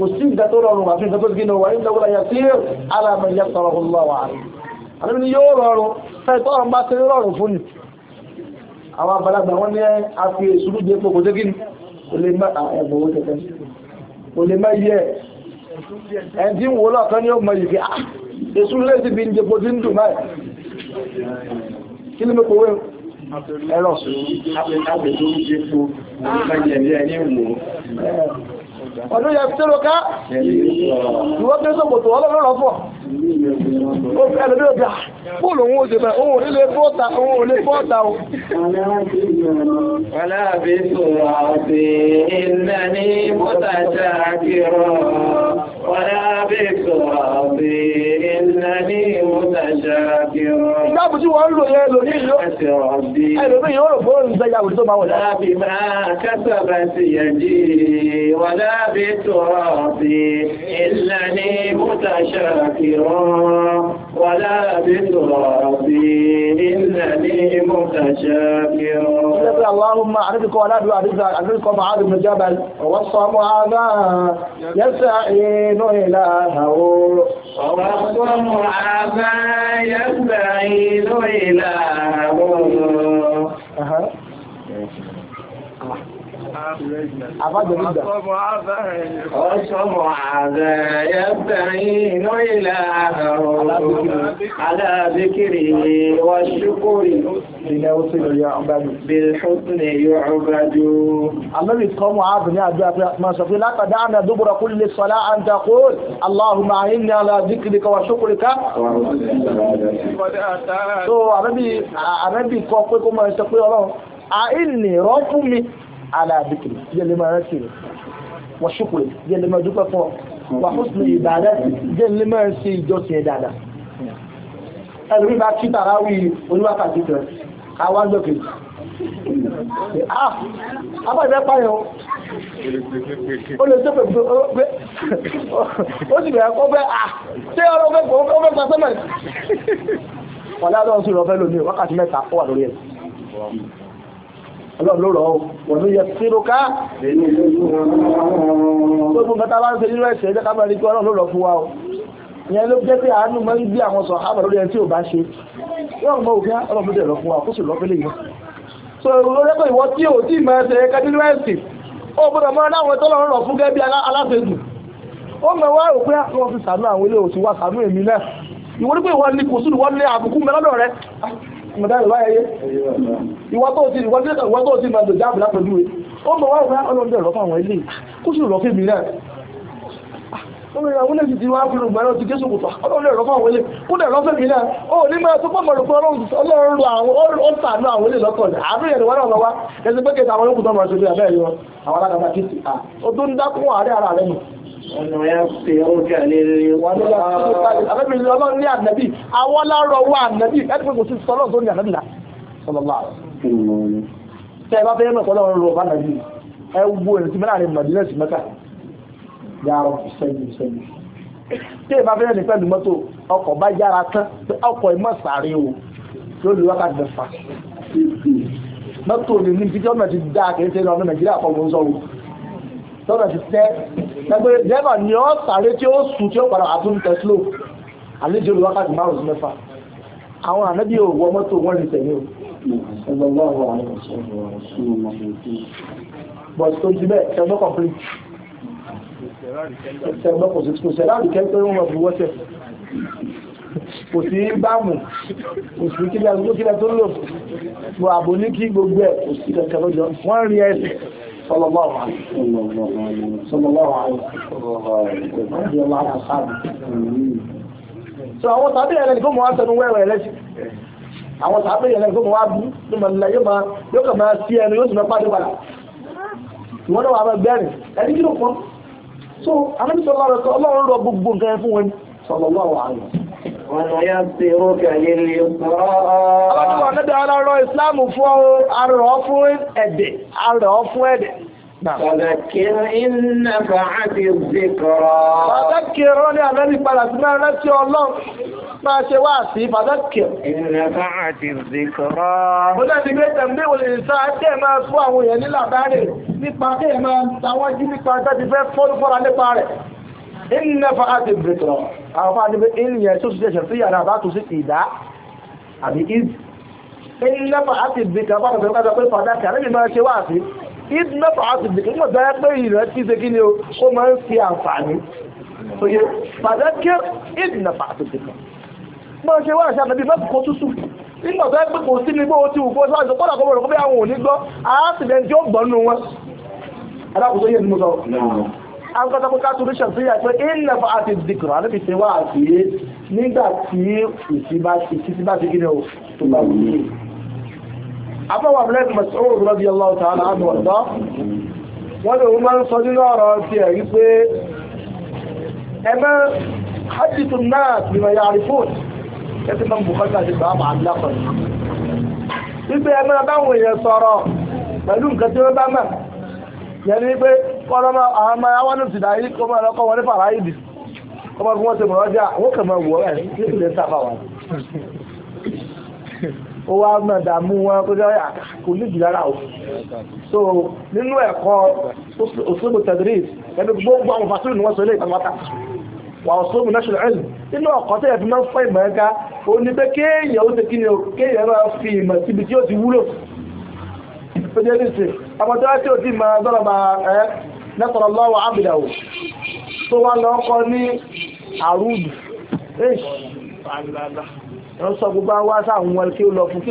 kò sí ìgbà tó rọrùn àti ìgbà tó gínà wà nígbà wọ́n yà sí alamọ̀ ìyá sọ̀rọ̀ ọlọ́ wà rí àti ní yóò rọrùn fẹ́ tọ́rọ bá ti rọrùn fún ni àwọn àgbàlagbà wọn ní a fi jẹ́ pọ̀ kò gínì kò lè má ẹ̀bùn owó tẹ̀tẹ̀ kò lè má yẹ ẹni ní ó mọ ọdún yẹ tí ó ká ìwọ́n tí ó ah, sọ pòtò ọlọ́rọ̀ lọ́pọ̀ ẹlòmí òbí fóòlù òun òjò bẹ̀ ní mọ́ta ṣàkírọ̀ aláàbí sọ̀rọ̀ àti ń lò yẹ lòní ìlú ẹlòmí yóò rò fóòlù ìgbẹ́yàwó tó bá wọ̀lá بترابي إنني متشاكر ولا بترابي إنني متشاكر اللهم أعرفك ولا أعرفك معاذ بن جبل ووصى معاذا إلى إلهه ووصى معاذا إلى إلهه àbájọ̀dígbà ọ̀ṣọ́mọ̀ ààrẹ yẹ́bẹ̀rin ilẹ̀ aláàbíkiri wọ́n ṣúkúrì ilẹ̀ ó sílò yọ ọgbàdù bilhusni yóò ọgbàdù alórí kọmọ̀ ààbù ní àjọ àti maṣọ̀fí látàdá àmì àdúgbòrò kú lè sọ́lá àjàkó allahumma inni so arabi arabi ko pe ko ma pé Ọlọ́run a inni fún mi aláàbìkìrì jẹ́ lè máa rántí rẹ̀ wọ́n ṣùkùrẹ̀ jẹ́ lè máa dúpẹ́ fún wà húsùn ìbàdà jẹ́ lè máa ṣe ìjọsìn ẹ̀ dáadáa ẹ̀rí bá kí tàrà wí oníwákàtí tẹ̀ àwọn àjọkè àbá ìfẹ́ pààyàn ó lè tó pẹ̀lú pé ó sì bẹ̀rẹ̀ kó fẹ́ à ṣé ọ̀rọ̀ fẹ́ kó fẹ́ pa sẹ́mẹ̀ wọ́n ládọ́ sí ìrọ̀fẹ́ lónìí wákàtí mẹ́ta ó wà lórí ẹ̀ ọlọ́rọ̀ wọ̀n ní yẹ síróká gbogbo mẹ́ta bá ń ṣe nílò ẹ̀ṣẹ̀ ẹ̀jẹ́ kábàrí kí ọlọ́rọ̀ lọ fún wa o ìyẹn ló jẹ́ pé àánú mọ́ ń gbé àwọn sọ àbà lórí ẹni tí ò bá ṣe yóò mọ́ òfin ọlọ́rọ̀ lọ fún wa kó sì lọ́pẹ́lẹ̀ yìí so ìròyìn lẹ́pẹ́ ìwọ tí ò tí mọ ẹsẹ̀ ẹ̀ka nínú ẹ̀sìn ó gbọ́dọ̀ mọ́ láwọn tó lọ́rọ̀ fún gẹ́gẹ́ bí aláṣẹ́gùn ó mọ̀ wá òpin ah, àwọn fi sàánú àwọn ilé òsì wa sàánú èmi náà ìwọ ní pé ìwọ ní Omi ìràwọ́ lè ti wá fún ìgbẹ̀rẹ̀ ti Jésù kùtà, ọlọ́run lè n ìwélé, ó lè rọ́fẹ́ mi náà, ó ní mẹ́rin tó pọ̀ mọ̀rọ̀ pé ọlọ́run lọ àwọn ọ̀tàánú àwọn ilé lọ́kọ̀ọ̀lẹ̀, àárín ẹ̀rẹ̀ wọ́n náà wá, ẹ̀sìn pé kẹta àwọn olókùtọ́ Tẹ́ẹ̀bá fẹ́ mẹ́kọ́ lọ́rọ̀ rọ̀ bá nàbí ẹgbó ẹ̀rẹ̀ tí mẹ́rin àrin Màdínà sí Mẹ́kà yàrá ìṣẹ́jú ìṣẹ́jú. Tẹ́ẹ̀bá fẹ́ ní pẹ̀lú mọ́tò ọkọ̀ bá yára tán ọkọ̀ ìmọ̀ sàárẹ̀ o yóò lè wákàtí mẹ́fà. Mọ́tò ní ní tọ́nà ti tẹ́ ẹgbẹ́ dẹ́bà ni ó sáré tí ó sùn tí ó padà àtún tẹ́sílò àlejò lu wákàtí márùn sí mẹ́fà àwọn ànábì ò wọ mọ́tò wọ́n lè tẹ̀lé o bọ̀t tó jí bẹ́ẹ̀ tẹ́gbọ́ kọ̀pìlì tẹ́gbọ́ kò sí kò sẹ́láàdì kẹ́kẹ́ wọn fi wọ́tẹ̀ kò sí báàmù kò sí kílẹ̀ tó lò àbò ní kí gbogbo ẹ̀ kò sí kẹ̀kẹ́ lọ́jọ́ wọ́n rí ẹ̀sẹ̀ صلى الله عليه وسلم صلى الله عليه وسلم رضي الله عن أصحابه àwọn tàbí ẹ̀rẹ́ nìkan mọ̀ wá sẹ́nu wẹ́wẹ́ ẹlẹ́sìn àwọn tàbí ẹ̀rẹ́ nìkan mọ̀ wá bú ní mọ̀ nílẹ̀ yóò máa yóò kà máa sí ẹnu yóò sì máa pàdé padà ìwọ́n náà wà máa gbẹ́rìn ẹni kí ló pọ́n so àwọn ìṣọ́lá ọlọ́run rọ gbogbo nǹkan fún wọn sọ̀rọ̀ lọ́wọ́ àwọn Ọlọ́dún wà nídà ọlọ́rọ̀ ìsìláàmù fún arọ̀ fún ẹ̀dẹ̀, arọ̀ fún ẹ̀dẹ̀. Fàdàkìr iná fàáti zikọrọ. Fàdàkìr ó ní àmẹ́rí padà sí mẹ́rin láti ọlọ́run máa ṣe wá sí fàdàkìr. Iná fàáti zikọrọ. Mo náà ti gbé tẹ̀mdé wòlè sá tẹ́ máa fún àwọn èèyàn nílàbárẹ̀ nípa tẹ́ máa tàwọn jí nípa tẹ́ ti fẹ́ fọ́lú nípa rẹ̀ inna fa'atin bitra àwọn fa'atin bitra ìyẹn tó ṣiṣẹ́ ṣẹ̀fíyà náà bá tó sí ìdá àbí ìd inna fa'atin bitra bá tọ̀tọ̀ kájọ pé fàdákì àrẹ́bì máa ṣe wá sí ìd náà fa'atin bitra mọ̀ bẹ́ẹ̀ pé ìrẹ́tí ṣe kí ni ó máa ń fi àǹfààní oye fàdákì ìd náà fa'atin bitra mọ̀ ṣe wá sí àbẹ̀bí mọ́kò tútù nígbà tó ẹgbẹ́ kò sí ní bó ti wù kó sáàjọ kọ́dà kọ́ bọ̀rọ̀ kó bí àwọn òní gbọ́ àásìdẹ̀ tí ó gbọ́nú wọn alákòóso yẹ́ ti mú sọ an kasa kuka turu shafiya pé ilẹ̀ fa àti dìkìrọ̀ alẹ́bí ṣe wá àti yé nígbà tí ìsí bá ti gíní o tó bá wù ní. afọwọ́ abúlé Mas'ud radiyallahu ta'ala anhu ọ̀dọ́ wọ́n lè wọ́n máa ń sọ nínú ọ̀rọ̀ ti ẹ̀ rí pé ẹgbẹ́ hajjitu náà ti mọ̀ ya yẹni pé kọ́nọ́mọ́ àwọn ọmọ awọ́nù ti dà yìí kọ́mọ́ ọlọ́kọ́ wọn ní fàrà ìdì kọ́mọ́ kí wọ́n ti mọ̀rọ̀ jà wọ́n kàn máa wọ̀ ẹ̀ ní ìpìlẹ̀ sábà ó wá mọ̀ dààmú wọn kó jẹ́ ah, kò ní ìjìlá rà so nínú ẹ̀kọ́ òṣèlú tẹ̀dírìs ẹni gbogbo àwọn fàṣírí ni wọ́n sọ ilé ìtàkùn wà ọ̀sọ́mù national health nínú ọ̀kọ́ tẹ́yẹ̀ fi máa ń fọ́ ìmọ̀ ẹ̀ka ó ní pé kéèyàn ó ti kí ni kéèyàn máa fi ìmọ̀ síbi tí ó ti wúlò tó jẹ́ nìsí àmọ́tọ́ tí ó ti máa dọ́rọ̀ bá ẹ́ nẹ́sọ̀rọ̀ lọ́wọ́ ábìdàwò tó wá lọ kọ́ ní àrùdù ẹ̀rọ sọ gbogbo wá sáwọn wọn kí ó lọ fún kí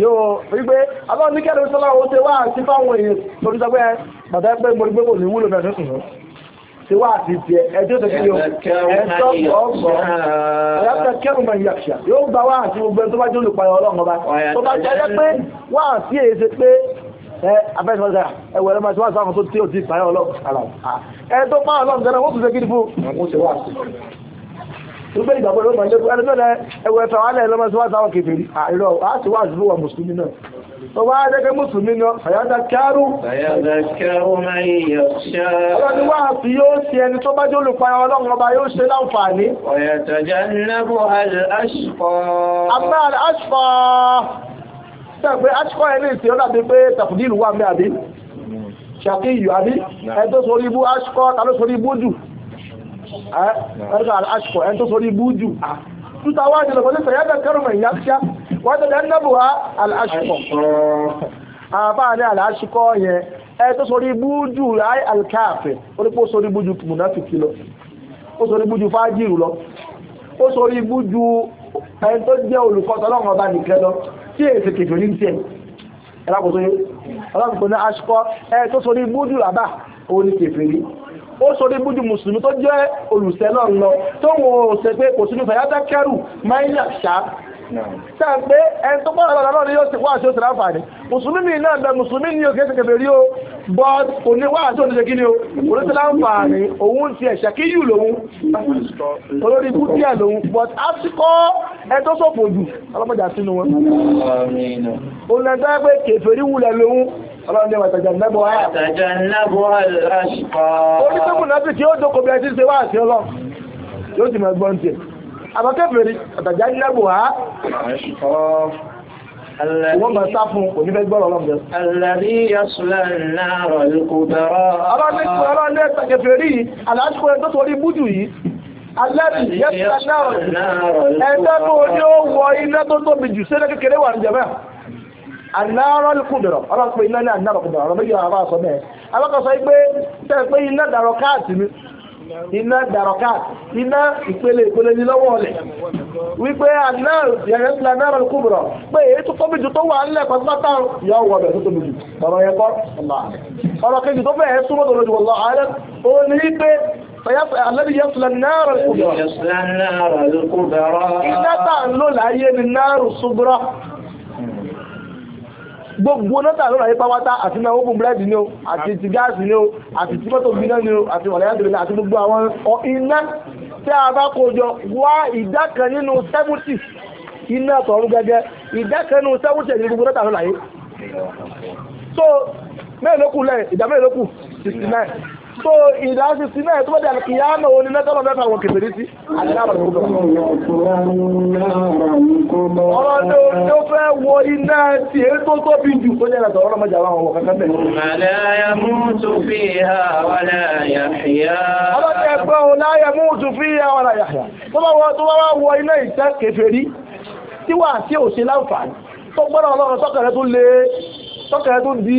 yóò wípé abọ́n ní kẹ́lú sọ́lá ó ti wá àti fáwọn èèyàn torí sọ pé ẹ bàtà pé mo rí pé kò ní wúlò náà nínú ti wá àti ti ẹjọ́ tó kílò ẹ̀tọ́ ọgbọ̀n ẹ̀yàtọ̀ kẹrùn mọ̀ ìyàkṣà yóò gba wá àti gbogbo tó bá jẹ́ olùpayọ̀ ọlọ́run ọba tó bá jẹ́ pé wá gbogbo ìgbàgbọ́ ló máa lékún ẹni tó lẹ ẹwẹ́ tàwọn alẹ́ lọ́mọ sí wá sáwọn kèfèrí àìrọ̀ á sì wá sí wà mùsùlùmí náà tó wá jẹ́gẹ́ mùsùlùmí náà fàyádà kẹrù ọlọ́ni wá fi yóò ṣe ẹni tó bá jólù pa ọlọ́run ọba yóò ṣe láǹfààní ṣàkíyù àbí ẹ̀tọ́ sórí ibú aṣkọ́ tàbí sórí ibú jù ẹ̀rọ aṣọ ẹni tó sọrí bújù tuta wá jùlọ pẹ̀lú sẹ̀yádà kẹrùmọ̀ ìyáṣíá wọ́n tẹ̀lé ẹ̀nàbù ha aláṣọ àbá ní aláṣọ yẹn ẹ tó sọrí bújù láì alkáàfẹ́ orípò sọrí bújù mùnáfìkì lọ ó sọrí bújù fájìrù lọ ó sọrí bújù ẹni tó jẹ́ olùkọ́ tọ́lọ́run ọba nìkan lọ tí èsì kèfèrí ń tiẹ̀ ẹlákòóso yẹn ọlọ́run kò ní aṣọ ẹ tó sọrí bújù àbá òun ni kèfèrí ó sórí bújú mùsùlùmí tó jẹ́ olùsẹ́lọ́ lọ tó wọ́n ṣe pé kò sínú fẹ̀yàtà kẹrù máìlà ṣá sáà pé ẹni tó pọ̀ lọ́dọ̀ lọ́dọ̀ yóò wá àṣọ ìṣẹ̀lá àǹfààní mùsùlùmí náà bẹ mùsùlùmí ní òkè ṣe kẹfẹ́ rí o bọ́ kò ní wá àṣọ ìṣẹ̀lá kí ni o kò ní ṣẹlá àǹfààní òun ti ẹ̀ṣẹ̀ kí yù lòun olórí bútíà lòun but àsìkò ẹni tó sọ̀pọ̀ jù ọlọ́mọdé àtinú wọn. ó lẹ́gbẹ́ pé kẹfẹ́ rí wulẹ̀ lòun Ọlọ́run wà tàjànàbọ̀ àà. Tàjànàbọ̀ àṣìkọ́. Orí tó kùnà sí kí ó dókò bí ẹ̀sí ṣe wá àti ọlọ́run. Yóò ti mọ̀ gbọ́n tiẹ̀. Àbákẹ́fẹ̀ẹ́rí, tàjànàbọ̀ àà. Àṣìkọ́. Wọ́n máa sá fún onífẹ́ gbọ́rọ̀ ọlọ́mọdé. Àlàrí yasùlá náà lókò bẹ̀rọ. Ọlọ́run lé tàjẹ̀fẹ̀ rí àlàáṣìkò ẹ̀ tó torí bújù anárọ́lùkùdọ̀rọ̀ ọlọ́pẹ́ iná ní anárọ̀kùdọ̀rọ̀ ọ̀rọ̀ méjì àwọn àṣọ mẹ́ẹ̀ alákọ̀ọ́sọ pé tẹ́lẹ̀ pé iná dàrọ̀ káàtì mi iná dàrọ̀ káàtì iná ìpele ìpele ní lọ́wọ́ ọ̀lẹ̀ wípé anárọ̀lùkùdọ̀rọ̀ pé èyí tó tóbi jù tó wà ńlẹ̀ pàtàkì yọ wọ̀ bẹ̀ tó tóbi jù ọ̀rọ̀ yẹn kọ́ ọ̀rọ̀ kejì ní pé الذي النار الكبرى يصل النار الكبرى إن تعلو العين النار الصبرى gbogbo nọ́tà lọ́nà yí pàwátá àti náà open bread ni o àti ti gáàsì ni o àti tí mọ́tò gbiná ni o àti wàlẹ́yà tòlẹ́lẹ́ àti gbogbo àwọn iná tí a bá jọ wá ìdá kan nínú sẹ́fúntì iná tọ̀run gẹ́gẹ́ ìdá kan nínú sẹ́fúntì ní gbogbo nọ́tà lọ́nà yí so mẹ́rin ló kù lẹ́yìn ìdá mẹ́rin ló kù sixty nine so ìdájí sí náà tó bá dẹ̀ kìí yánà òní lẹ́tọ́lọ̀ mẹ́fà wọn kèfèrí sí ọ̀rọ̀ ni ó fẹ́ wọ iná tí é tó tó bí jù tó jẹ́rẹ̀ tọ̀rọ̀ mọ́jà àwọn ọmọ kankan bẹ̀ Tí wà sí òṣèlá ń fà ní, tó gbọ́nà ọlọ́run tọ́kẹ̀rẹ́ tó lé, tọ́kẹ̀rẹ́ tó di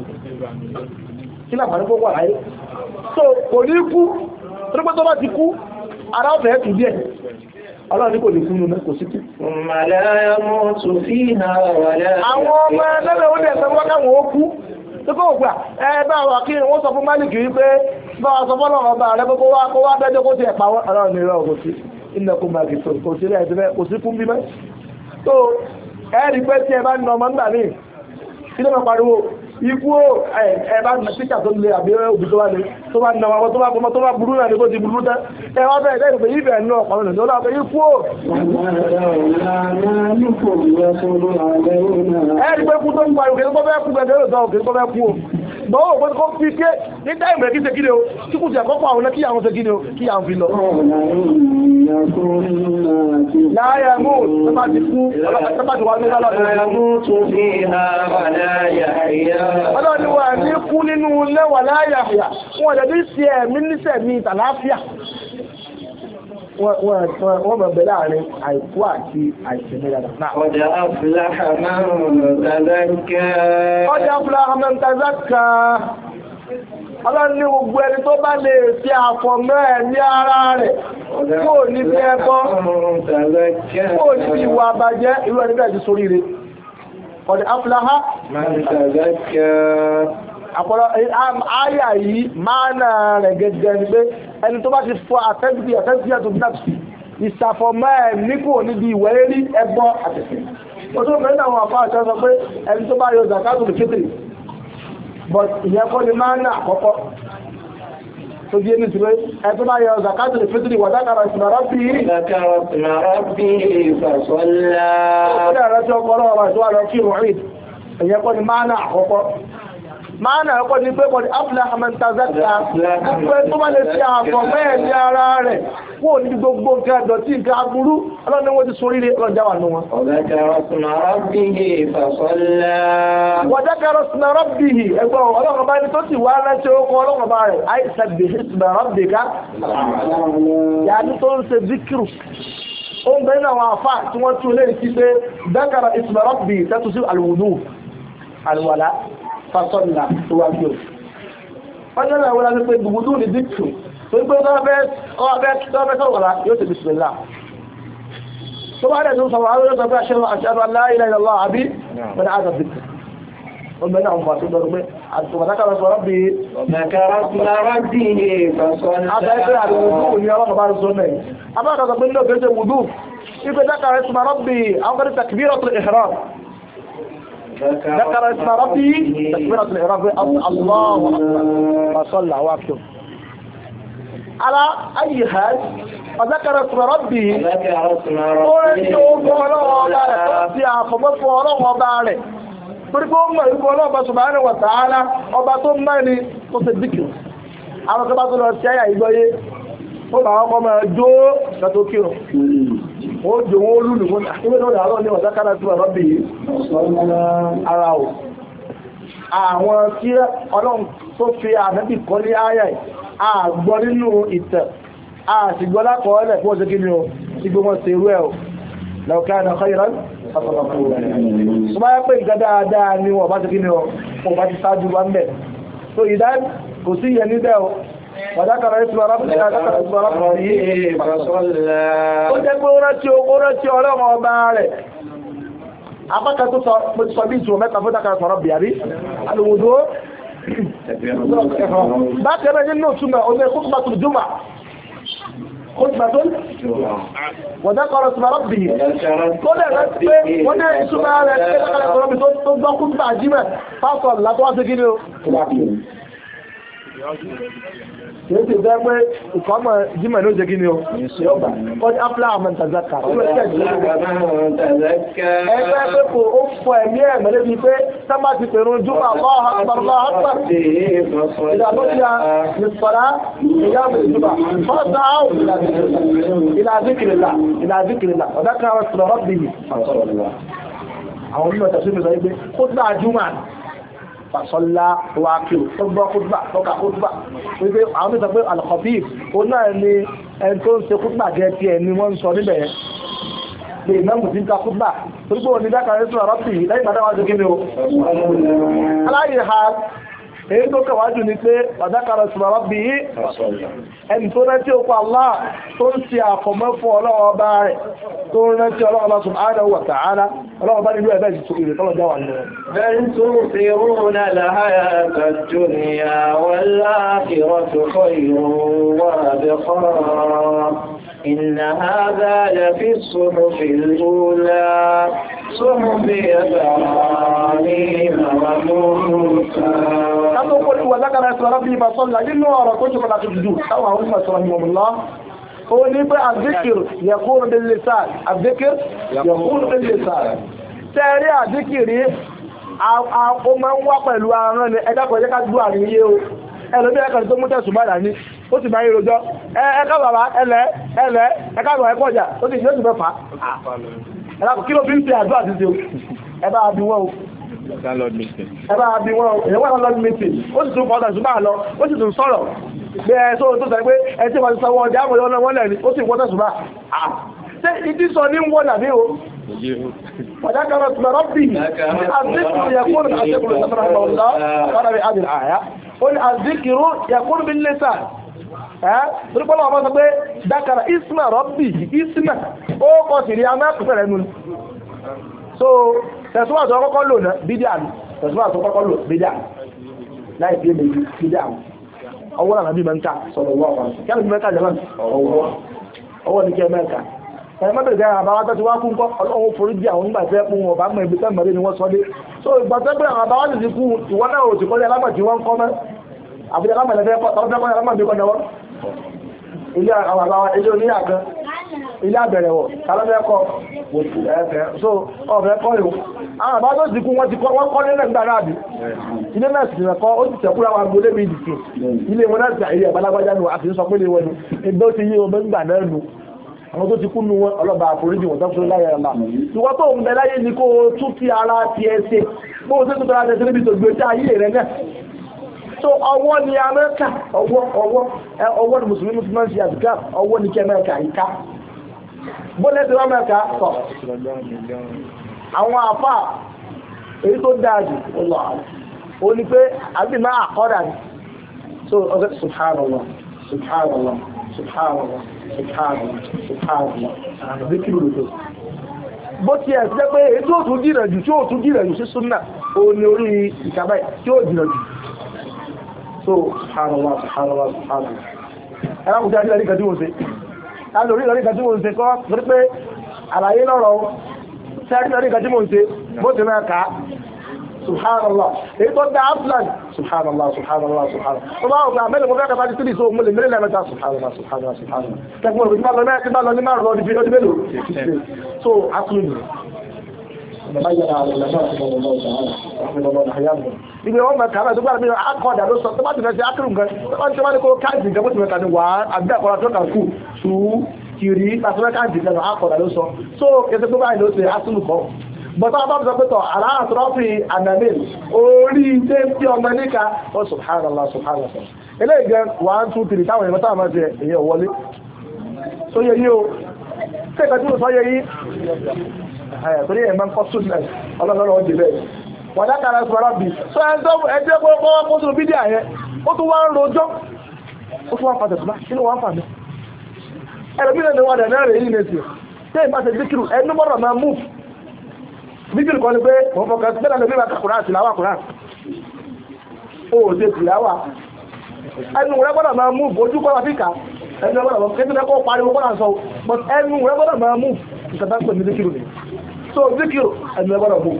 kí láàrín kó wà láyé so kò ní kú torípé tó bá ti kú ara ọ̀fẹ́ ẹ̀tù díẹ̀ ọlọ́run ní kò lè kú nínú kò sí kú. àwọn ọmọ ẹlẹ́rẹ̀ ó dẹ̀ sọ́wọ́ káwọn ó kú tó kó gbà ẹgbẹ́ àwọn kí wọ́n sọ fún Málìkì wípé bá wa sọ fọ́nà ọba rẹ gbogbo wa kó wá bẹ́jọ́ kó ti ẹ̀pà wọn ìrọ̀ kò sí ilẹ̀ kó kò sí rẹ̀ kò sí fún bímẹ́ tó ẹ̀rí pé tí ẹ bá ń ọmọ nígbà míì kí ikú ẹ̀bá mẹ́síkà tó lè àbí òbí tó bá lè tó bá nà wọn tó bá bọ́mọ́ tó bá burú náà ní kó ti burú tẹ́ ẹwà bẹ́ẹ̀ bẹ́ẹ̀ ìfẹ́ ìfẹ́ ẹ̀nà ọ̀pọ̀lọ́ nìjọ́ láàpẹ́ ikú ò ẹ̀rí pé kú tó ń parí òkè tó bẹ́ẹ̀ kú gẹ̀gẹ̀rẹ̀ ṣùgbọ́n ó gbọ́dọ̀ kó fi pé ní táìmù rẹ̀ kí ṣe kí ni o tí kù sí àkọ́kọ́ àwọn kí àwọn ṣe kí ni o kí àwọn fi lọ. láyà mú ọba ti wà ní kú nínú lẹ́wà láyà wọ́n mọ̀ bẹ̀ láàrin àìkú àti àìsẹ̀mẹ́ dada. Ọjà afúláhà máa ń tàzákà. Ọjà afúláhà máa ń tàzákà. Ọlọ́run ní gbogbo ẹni tó bá lè fi àfọ̀mọ́ ẹ̀ ní ara rẹ̀ kó ní fi ẹbọ, kó ní fi ìwà àbàjẹ́ yìí máa náà rẹ̀ gẹ́gẹ́ ni pé ẹni tó bá ti fọ àtẹ́síbí àtẹ́síbí àtòbítàtì ìsàfọ̀mọ́ ẹ̀ nípò níbi ìwẹ̀rẹ́ rí ẹgbọ́ àtẹ̀sí ó tó mẹ́rin àwọn àfáà tó sọ pé ẹni tó bá yọ zakato lè kéde but ìyẹn kọ́ ni máa ń ná àkọ́kọ́ tó di ẹni tìwé ẹni tó bá yọ zakato lè kéde wà dákàrà ìsìnà rọ́bì yìí. dákàrà ìsìnà rọ́bì ìfàsọ́lá. ó kọ́ máa nà ẹ̀kọ́ ni pé kọ́ni aflaha man tazakka pé tó bá lè fi àtọ̀ mẹ́ẹ̀ẹ́dì ara rẹ̀ wò ní gbogbo nǹkan ẹ̀dọ̀tí nǹkan aburú ọlọ́ni wọ́n ti sorí rẹ̀ ọlọ́jà wà nù wọn. wọ́dẹ́kẹ̀rọ sinà rabbihi ẹgbẹ́ ọlọ́run bá ní tó ti wá rántí orúkọ ọlọ́run bá rẹ̀ àìsàn bèèrè sinà rabbika yàtí tó ń ṣe zikiru ó ń bẹ̀rẹ̀ àwọn àfá tí wọ́n tún lè ti pé dákàrà isma tẹ́tù sí alwudu alwala fasọ́nà tó wá sí o. ọjọ́ náà wọ́n láti pé gbogbo ní dìtù tó ń pé lọ́fẹ́ sọ̀rọ̀lá yóò ti bìsùn lá. tó bá dẹ̀ tó sọ̀rọ̀ àwọn olóòtú ọgbà ṣẹ́wọ̀n àti àrùn aláìlá ìlọ́lá àbí wọn á dà dìtù. ó mẹ́rin àwọn ọmọ tó dọ̀rọ̀ pé àtùmọ̀tàkà lọ sọ̀rọ̀ bí. ọ̀mẹ̀kẹ́rọ̀ ti lára dì ní ìfọ̀sọ́nà. àbẹ̀ẹ́kẹ́ àdùnkù ni ọlọ́kọ̀ bá ń sọ mẹ́rin. abáàkà sọ pé nílò kẹ́sẹ̀ wùdú. ìgbẹ́dàkà rẹ̀ sọ̀rọ̀ bí àwọn kẹ́sẹ̀ takbírọ̀ tó ìhẹ̀rọ̀. ذكر اسم ربه تكبيرة الإعراب الله أكبر فصلى واكتب على أي حال فذكر اسم ربه قلت أقول الله يا خبط ورغم بالي torípé ó mọ̀ ìgbò ọlọ́ọ̀bá subhanahu wa ta'ala ọba tó mọ́ ni tó ṣe díkì àwọn tó bá tó lọ sí àyà ìgbọ́yé ó bá wọ́n kọ́ mọ́ ẹjọ́ ṣàtókìrò ó jẹ owó lùlù wọn àkíwẹ́lọ́dà àárọ̀ ní ọ̀dákára tí wà bí ara ò àwọn tí ọlọ́run tó fi ànábì kọ́ ní ayà àgbọ́ nínú ìtẹ̀ àṣìgbọ́ lákọọ́lẹ̀ fún ọ̀sẹ̀ kíni o tí gbé wọn ṣe irú ẹ̀ o lọ́kà ẹ̀nà kọ́yìnrán ọ̀sọ̀kọ̀kọ̀ tó bá yẹ́ pé ìgbà dáadáa ni wọ́n bá ṣe kíni o wọ́n bá ti sáájú wa ń bẹ̀ so ìdá kò sí yẹ níbẹ̀ o فذكر اسم ربه ذكر اسم ربه فصلى ó jẹ́ pé ó rántí ó rántí ọlọ́run ọba rẹ̀ apákan tó sọ bí ìṣòro mẹ́ta fún dákàrà sọ̀rọ̀ bìárí alùwòdó bákan náà nínú ìtumọ̀ ọdún ẹkùn tó tún jùmọ̀ خطبة وذكر اسم ربه كل رسم وانا اسم على كده قال ربي تطبق خطبة عجيبة yóò ti jẹ́ pé ìkọ́mọ̀ jímọ̀ ló jẹ́ gíní o kọ́dí ápùlá àmàn tàzákà ẹgbẹ́ pé kò ó fọ ẹ̀mí ẹ̀mẹ́ lébi pé sábà ti pèrún júmọ̀ lọ́hàn pàrọ̀ àpà ìdàlóyà nìfọ̀rá ìyá mùsùlùmá fọ́sà áwù ìlàzíkìrìlà ìlàzíkìrìlà ọ̀dá kan àwọn sọ̀rọ̀ rọ́bì àwọn onímọ̀ tàbí mi sọ wípé fasọ́lá wákí tó gbọ́ kúgbà tọ́ka kúgbà wípé àwọn mẹ́ta pé alkọ̀bí ó náà ni ẹni tó ń ṣe kúgbà jẹ́ ti ẹni wọ́n ń sọ níbẹ̀ pé ìmọ̀mù ti ń ta kúgbà torípò ní àrọ́pì lẹ́yìn bàdáwà èyí tó kàwájú ní pé pàdákàrà ṣùgbọ́n rọ́bì yìí ẹni tó rántí òkú Allah tó ń ṣe àkọmọ́ fún ọlọ́wọ́ ọba rẹ̀ tó ń rántí ọlọ́wọ́ ọba subhanahu wa ta'ala ọlọ́wọ́ bá nílò ẹ̀bẹ́ ìtò ìrè tọ́lọ̀ إن هذا لفي الصحف الأولى صحف إبراهيم وموسى Ọkùnrin wà lágbàrá ẹ̀sùn arábìnrin bá sọ́lá nínú ọ̀rọ̀ tó jùkọ́ láti jù táwọn àwọn ìfẹ̀sọ̀rọ̀ ìmọ̀mùlá. Ó ní pé àzíkìr yẹ̀kúrù bí lèsàn, àzíkìr yẹ̀kúrù bí lèsàn. Tẹ́rí àzíkìrí, ó máa ń wá pẹ̀lú arán ni ẹgbẹ́ ó sì máa ń rojọ́ ẹ̀ẹ́ká bàbá ẹlẹ́ ẹlẹ́ ẹ̀ká bàbá ẹ̀kọ́ ọjà ó sì yóò sì mẹ́fà ẹ̀lápù kí ló fi ń ṣe àdúrà títí o ẹ̀bá àbí wọ́n o ẹ̀bá àbí wọ́n o èyàn wà lọ́dún mítì ó sì tún fọ́dà ṣùgbọ́n àlọ́ ó sì tún sọ̀rọ̀ bí ẹ tó tó sọ pé ẹ tí wọ́n ti sanwó ọjà àmọ́ ìwọ́n wọn lẹ́ni ó sì wọ́n tẹ̀sùn bá ṣe ìdí sọ ní wọ́n nàbí o Fàdákàrà Tùmọ̀rọ́bì, àdíkùrù yẹ̀kúrù àti ìkùrù sọ́mọ̀rọ̀ ọ̀lá, ọ̀rọ̀ bí àdìrà àyá. Ó ní àdíkùrù yẹ̀kúrù bí lẹ́sàn, torípọ́lọ́ ọmọ sọ pé dákàrà isma rọ́bì isma ó kọ́ sí rí aná pẹ̀lú ẹnu so tẹ̀síwá tó kọ́kọ́ lò náà bídí àmì tẹ̀síwá tó kọ́kọ́ lò bídí àmì láì bí èmi bídí àmì ọwọ́ náà bí mẹ́ta sọ̀rọ̀ wọ́ ọ̀rọ̀ kí á lè fi mẹ́ta jẹ́ mẹ́ta ọwọ́ ọwọ́ ní kí ẹ mẹ́ta ẹ̀mọ́bẹ̀rẹ̀ gẹ́gẹ́ àbáwá tó ti wá kún kọ́ ọlọ́run forí jẹ́ àwọn nígbà tẹ́ kún ọba mọ̀ ibi tẹ́mọ̀rí ni wọ́n sọ dé so ìgbà tẹ́ pé àwọn àbáwá ti ilé àwọn àbáwá ilé oníyà gan ilé àbẹ̀rẹ̀ wọ̀ tàbẹ́fẹ́ kọ́ ẹ̀fẹ́ so ọ̀fẹ́ kọ́ ìwò àwọn àbá tó dìkú wọ́n ti kọ́ wọ́n kọ́ nílẹ̀ gbà náà bí ilé náà sì rẹ̀ kọ́ ó ti tẹ̀kúrà wọn gbólé bí ìdìkì ilé wọn náà sì àìrí ẹ̀bálágbájá nù àti sọ pé lè wọ́n ẹgbẹ́ ó ti yí ọmọ gbà náà nù àwọn tó ti kú nu wọn ọlọ́ba àforíjì wọ́n tọ́kùn láyé ọ̀la ìwọ́n tó ń bẹ láyé ni kó o tún ti ara ti ẹ ṣe bó o tún ti ara ti ẹ ṣe níbi tó gbé sí ayé rẹ náà so ọwọ́ ni amẹ́ríkà ọwọ́ ọwọ́ ọwọ́ ni mùsùlùmí ti máa ṣe ọwọ́ ni kí amẹ́ríkà yìí ká bọ́lẹ̀ amẹ́ríkà sọ àwọn àfà èyí tó ọlọ́ o ní pé àbí máa ni so ọjọ́ subhanallah subhanallah subhanallah subhanallah bó ti ẹ̀ sí pé èyí tó tún jù tí ó tún jù sí súnà òun ni orí tí ó jù so subhanallah subhanallah subhanallah ẹ̀rọ kò jẹ́ àríkà tí wọ́n ṣe alórí àríkà tí wọ́n ṣe kọ́ torí pé àlàyé lọ́rọ̀ ṣe àríkà tí wọ́n ṣe bó ti náà subhanallah èyí tó dá aflan subhanallah subhanallah subhanallah tó bá ọ̀gá ah, mẹ́lẹ̀ mo fẹ́ka fájú tíbi so mo lè mẹ́lẹ̀ mẹ́ta subhanallah subhanallah subhanallah tẹ́kùn mọ̀ lọ ní márùn-ún ọdún ibi wọn bẹ kàrà tó gbára bí akọ̀dà ló sọ tó bá ti fẹ́ akérò nǹkan tó bá ti fẹ́ kó káàdì nǹkan bó ti fẹ́ wà á àbí àkọ́dà tó kà kù tù ú kiri pàṣẹ káàdì nǹkan akọ̀dà ló sọ so kẹsẹ̀ tó báyìí ló ṣe asúlù kọ́ bọ́tá bá sọ pé tọ̀ ànàmì orí ilé tí ọmọ níka ó subhanallah subhanallah ilé ìgbẹ́ one two three táwọn èèyàn táwọn máa jẹ èyí wọlé tó yẹ yí o ṣé ìkàtí mo sọ yẹ yí torí ẹ̀ máa ń kọ́ súnmẹ̀ ọlọ́lọ́rọ̀ ọdẹ bẹ́ẹ̀ wọ́n dákàrà sọ̀rọ̀ bì sọ ẹjẹ́ pé wọ́n kó sínú bídíà yẹn ó tún wá ń rojọ́ ó tún wá ń fa tẹ̀sùmá nínú wá ń fa mi ẹlòmí lẹ́nu wọn dẹ̀mẹ́ rẹ̀ yìí nẹ́sì tẹ́ ìbá ṣe díkìrù ẹnu mọ́rọ̀ máa mú díkìrù kan ní pé wọ́n fọ́kà sí pẹ́lá lórí ìbáka kùrá àti láwà kùrá ó ṣe tìláwà ẹnu rẹ̀ gbọ́dọ̀ máa mú ojú kọ́ láfíkà ẹnu rẹ̀ gbọ́dọ̀ máa mú kéjì so zikiru ẹ̀mí ẹgbọ́dọ̀ mú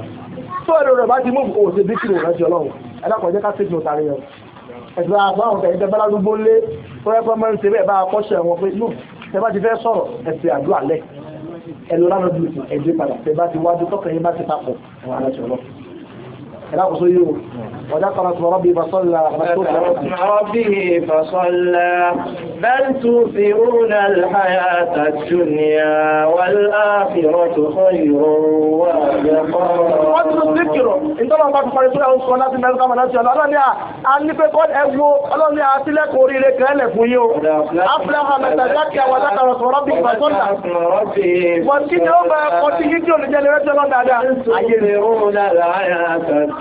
so ẹ̀rọ rẹ̀ bá ti mú o ṣe zikiru ránṣẹ́ ọlọ́run ẹ̀dàkọ̀jẹ́ ká tètè òtàrí yẹn ẹ̀sìn àbá àwọn ẹ̀jẹ̀ bẹ́lá lúgbó lé fọ́rẹ́fọ́ mẹ́rin ṣe bẹ́ẹ̀ bá akọ́ṣẹ́ wọn pé lù tẹ bá ti fẹ́ sọ̀rọ̀ ẹ̀sìn àdúrà lẹ̀ ẹ̀lọ́rán lọ́dún ẹ̀jẹ̀ padà tẹ bá ti wájú tọ́kẹ̀yìn bá ti papọ̀ àwọn aláṣẹ ọlọ́run لا قصير وذكر اسم ربي فصلى اسم ربه فصلى بل تؤثرون الحياة الدنيا والآخرة خير وأبقى Ìjọ́ ọmọ akọ̀kọ̀ ìṣúra oṣù ọ̀nà ti mẹ́rin kọmọ̀ láti ọ̀nà ọlọ́ni a ní pé kọ́ ẹgbó ọlọ́ni a sílẹ̀ kò rí ilé kẹ́lẹ̀ fún yíó. Áfíláhà mẹ́ta jákè àwọn dákàrọ̀ sọ̀rọ̀ bí ìfàṣọ́nà. Wọ́n kí ni ó máa kọ́ sí yíjì olùjẹ́ lẹ́rẹ́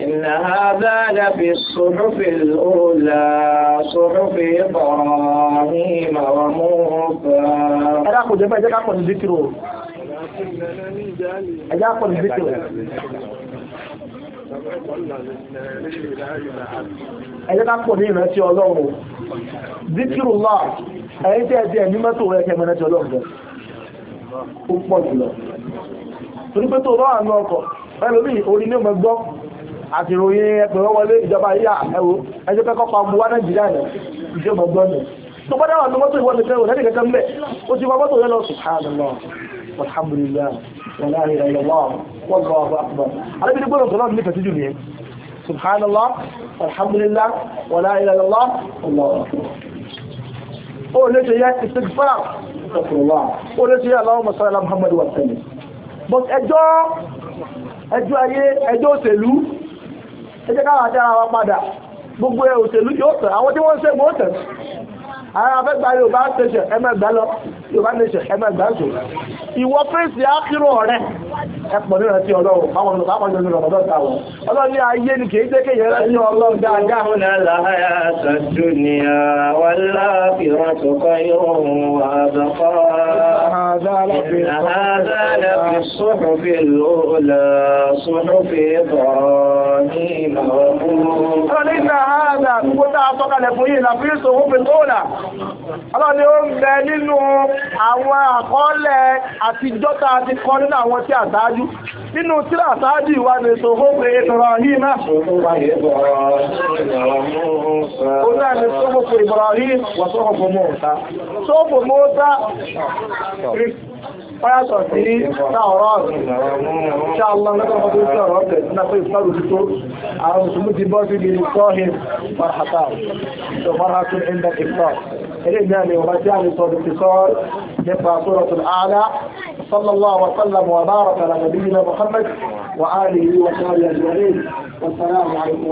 إن هذا في الصحف الأولى صحف إبراهيم وموسى أنا أقول جماعة أجاك أقول ذكره أجاك أقول ذكره Ẹjẹ́ká pọ̀ ní ìrántí Ọlọ́run. Zikirullah, ẹ̀yìn tẹ́ ẹ̀dẹ́ ẹ̀mí mẹ́tò rẹ̀ kẹ́mẹ́rẹ́ tí Ọlọ́run jẹ́. Ó pọ̀ jùlọ. Torípé tó bá wà ọkọ̀, ẹlòmí orí ní ọmọ gbọ́, àti ìròyìn ẹgbẹ̀rún wọlé ìjọba yíyà ẹwò ẹjọ́ pẹ́kọ́ pa gbogbo nàìjíríà rẹ̀ ìjọba gbọ́nà tó bá dáwà ní mọ́tò ìwọ́n ìfẹ́ òun ẹnìkẹ́kẹ́ mẹ́ ó ti wá mọ́tò rẹ̀ lọ subhanallah walhamdulillah wala ilaha illallah wallahu akbar alábìrì gbọ́dọ̀ tó náà nífẹ̀ẹ́ síjú nìyẹn subhanallah walhamdulillah wala ilaha illallah wallahu akbar ó lè ṣe yẹ istighfar ó lè ṣe yẹ allahumma salli ala muhammad wa sallam but ẹjọ́ ẹjọ́ ayé ẹjọ́ òṣèlú ẹjẹ́ káwà dára wa padà gbogbo ẹ̀ òṣèlú yóò tẹ̀ àwọn tí wọ́n ṣe gbọ́ tẹ̀ àwọn afẹ́gbà Yorùbá station ẹmẹ́gbà lọ Yorùbá nation ẹmẹ́gbà sọ ìwọ fèsì ákírò rẹ̀ ẹpọ̀ nínú ti ọlọ́run àwọn ọmọ pápá nínú ọmọdọ́ táwọn ọlọ́run ní ayé ni kìí jẹ́ kéyẹ rẹ̀ sí ọlọ́run dáadáa ọ̀nà àlàáyà sàtú ni àwọn aláàfihàn tó kọ́ ìrọ̀rùn àbẹ̀kọ́ àdáàlẹ́fẹ́ sọ́fẹ́ lọ́ọ̀lá sọ́fẹ́ bọ̀ ní ìmọ̀ àti ìjọta àti kọ nínú àwọn tí àdájú nínú tíra àsáájú ìwà ní ṣòhóbe ìbìràhìmá ó náà ní ṣòhóbe ìbìràhìm wà ṣòhóbe mọ́ta ṣòhóbe mọ́ta fáyàtọ̀ sí láọ̀rọ̀ ṣe Allah lọ́kọ̀ọ́ tó sọ̀rọ̀ ọ̀tẹ̀ tí na fẹ́ ìfẹ́rù tó àwọn musulmi ti bọ́ sí ibi sọ́hìn marhata so marhatun inda iftar الإمام ورجال والاتصال نقرأ سورة الأعلى صلى الله وسلم وبارك على نبينا محمد وآله وصحبه أجمعين والسلام عليكم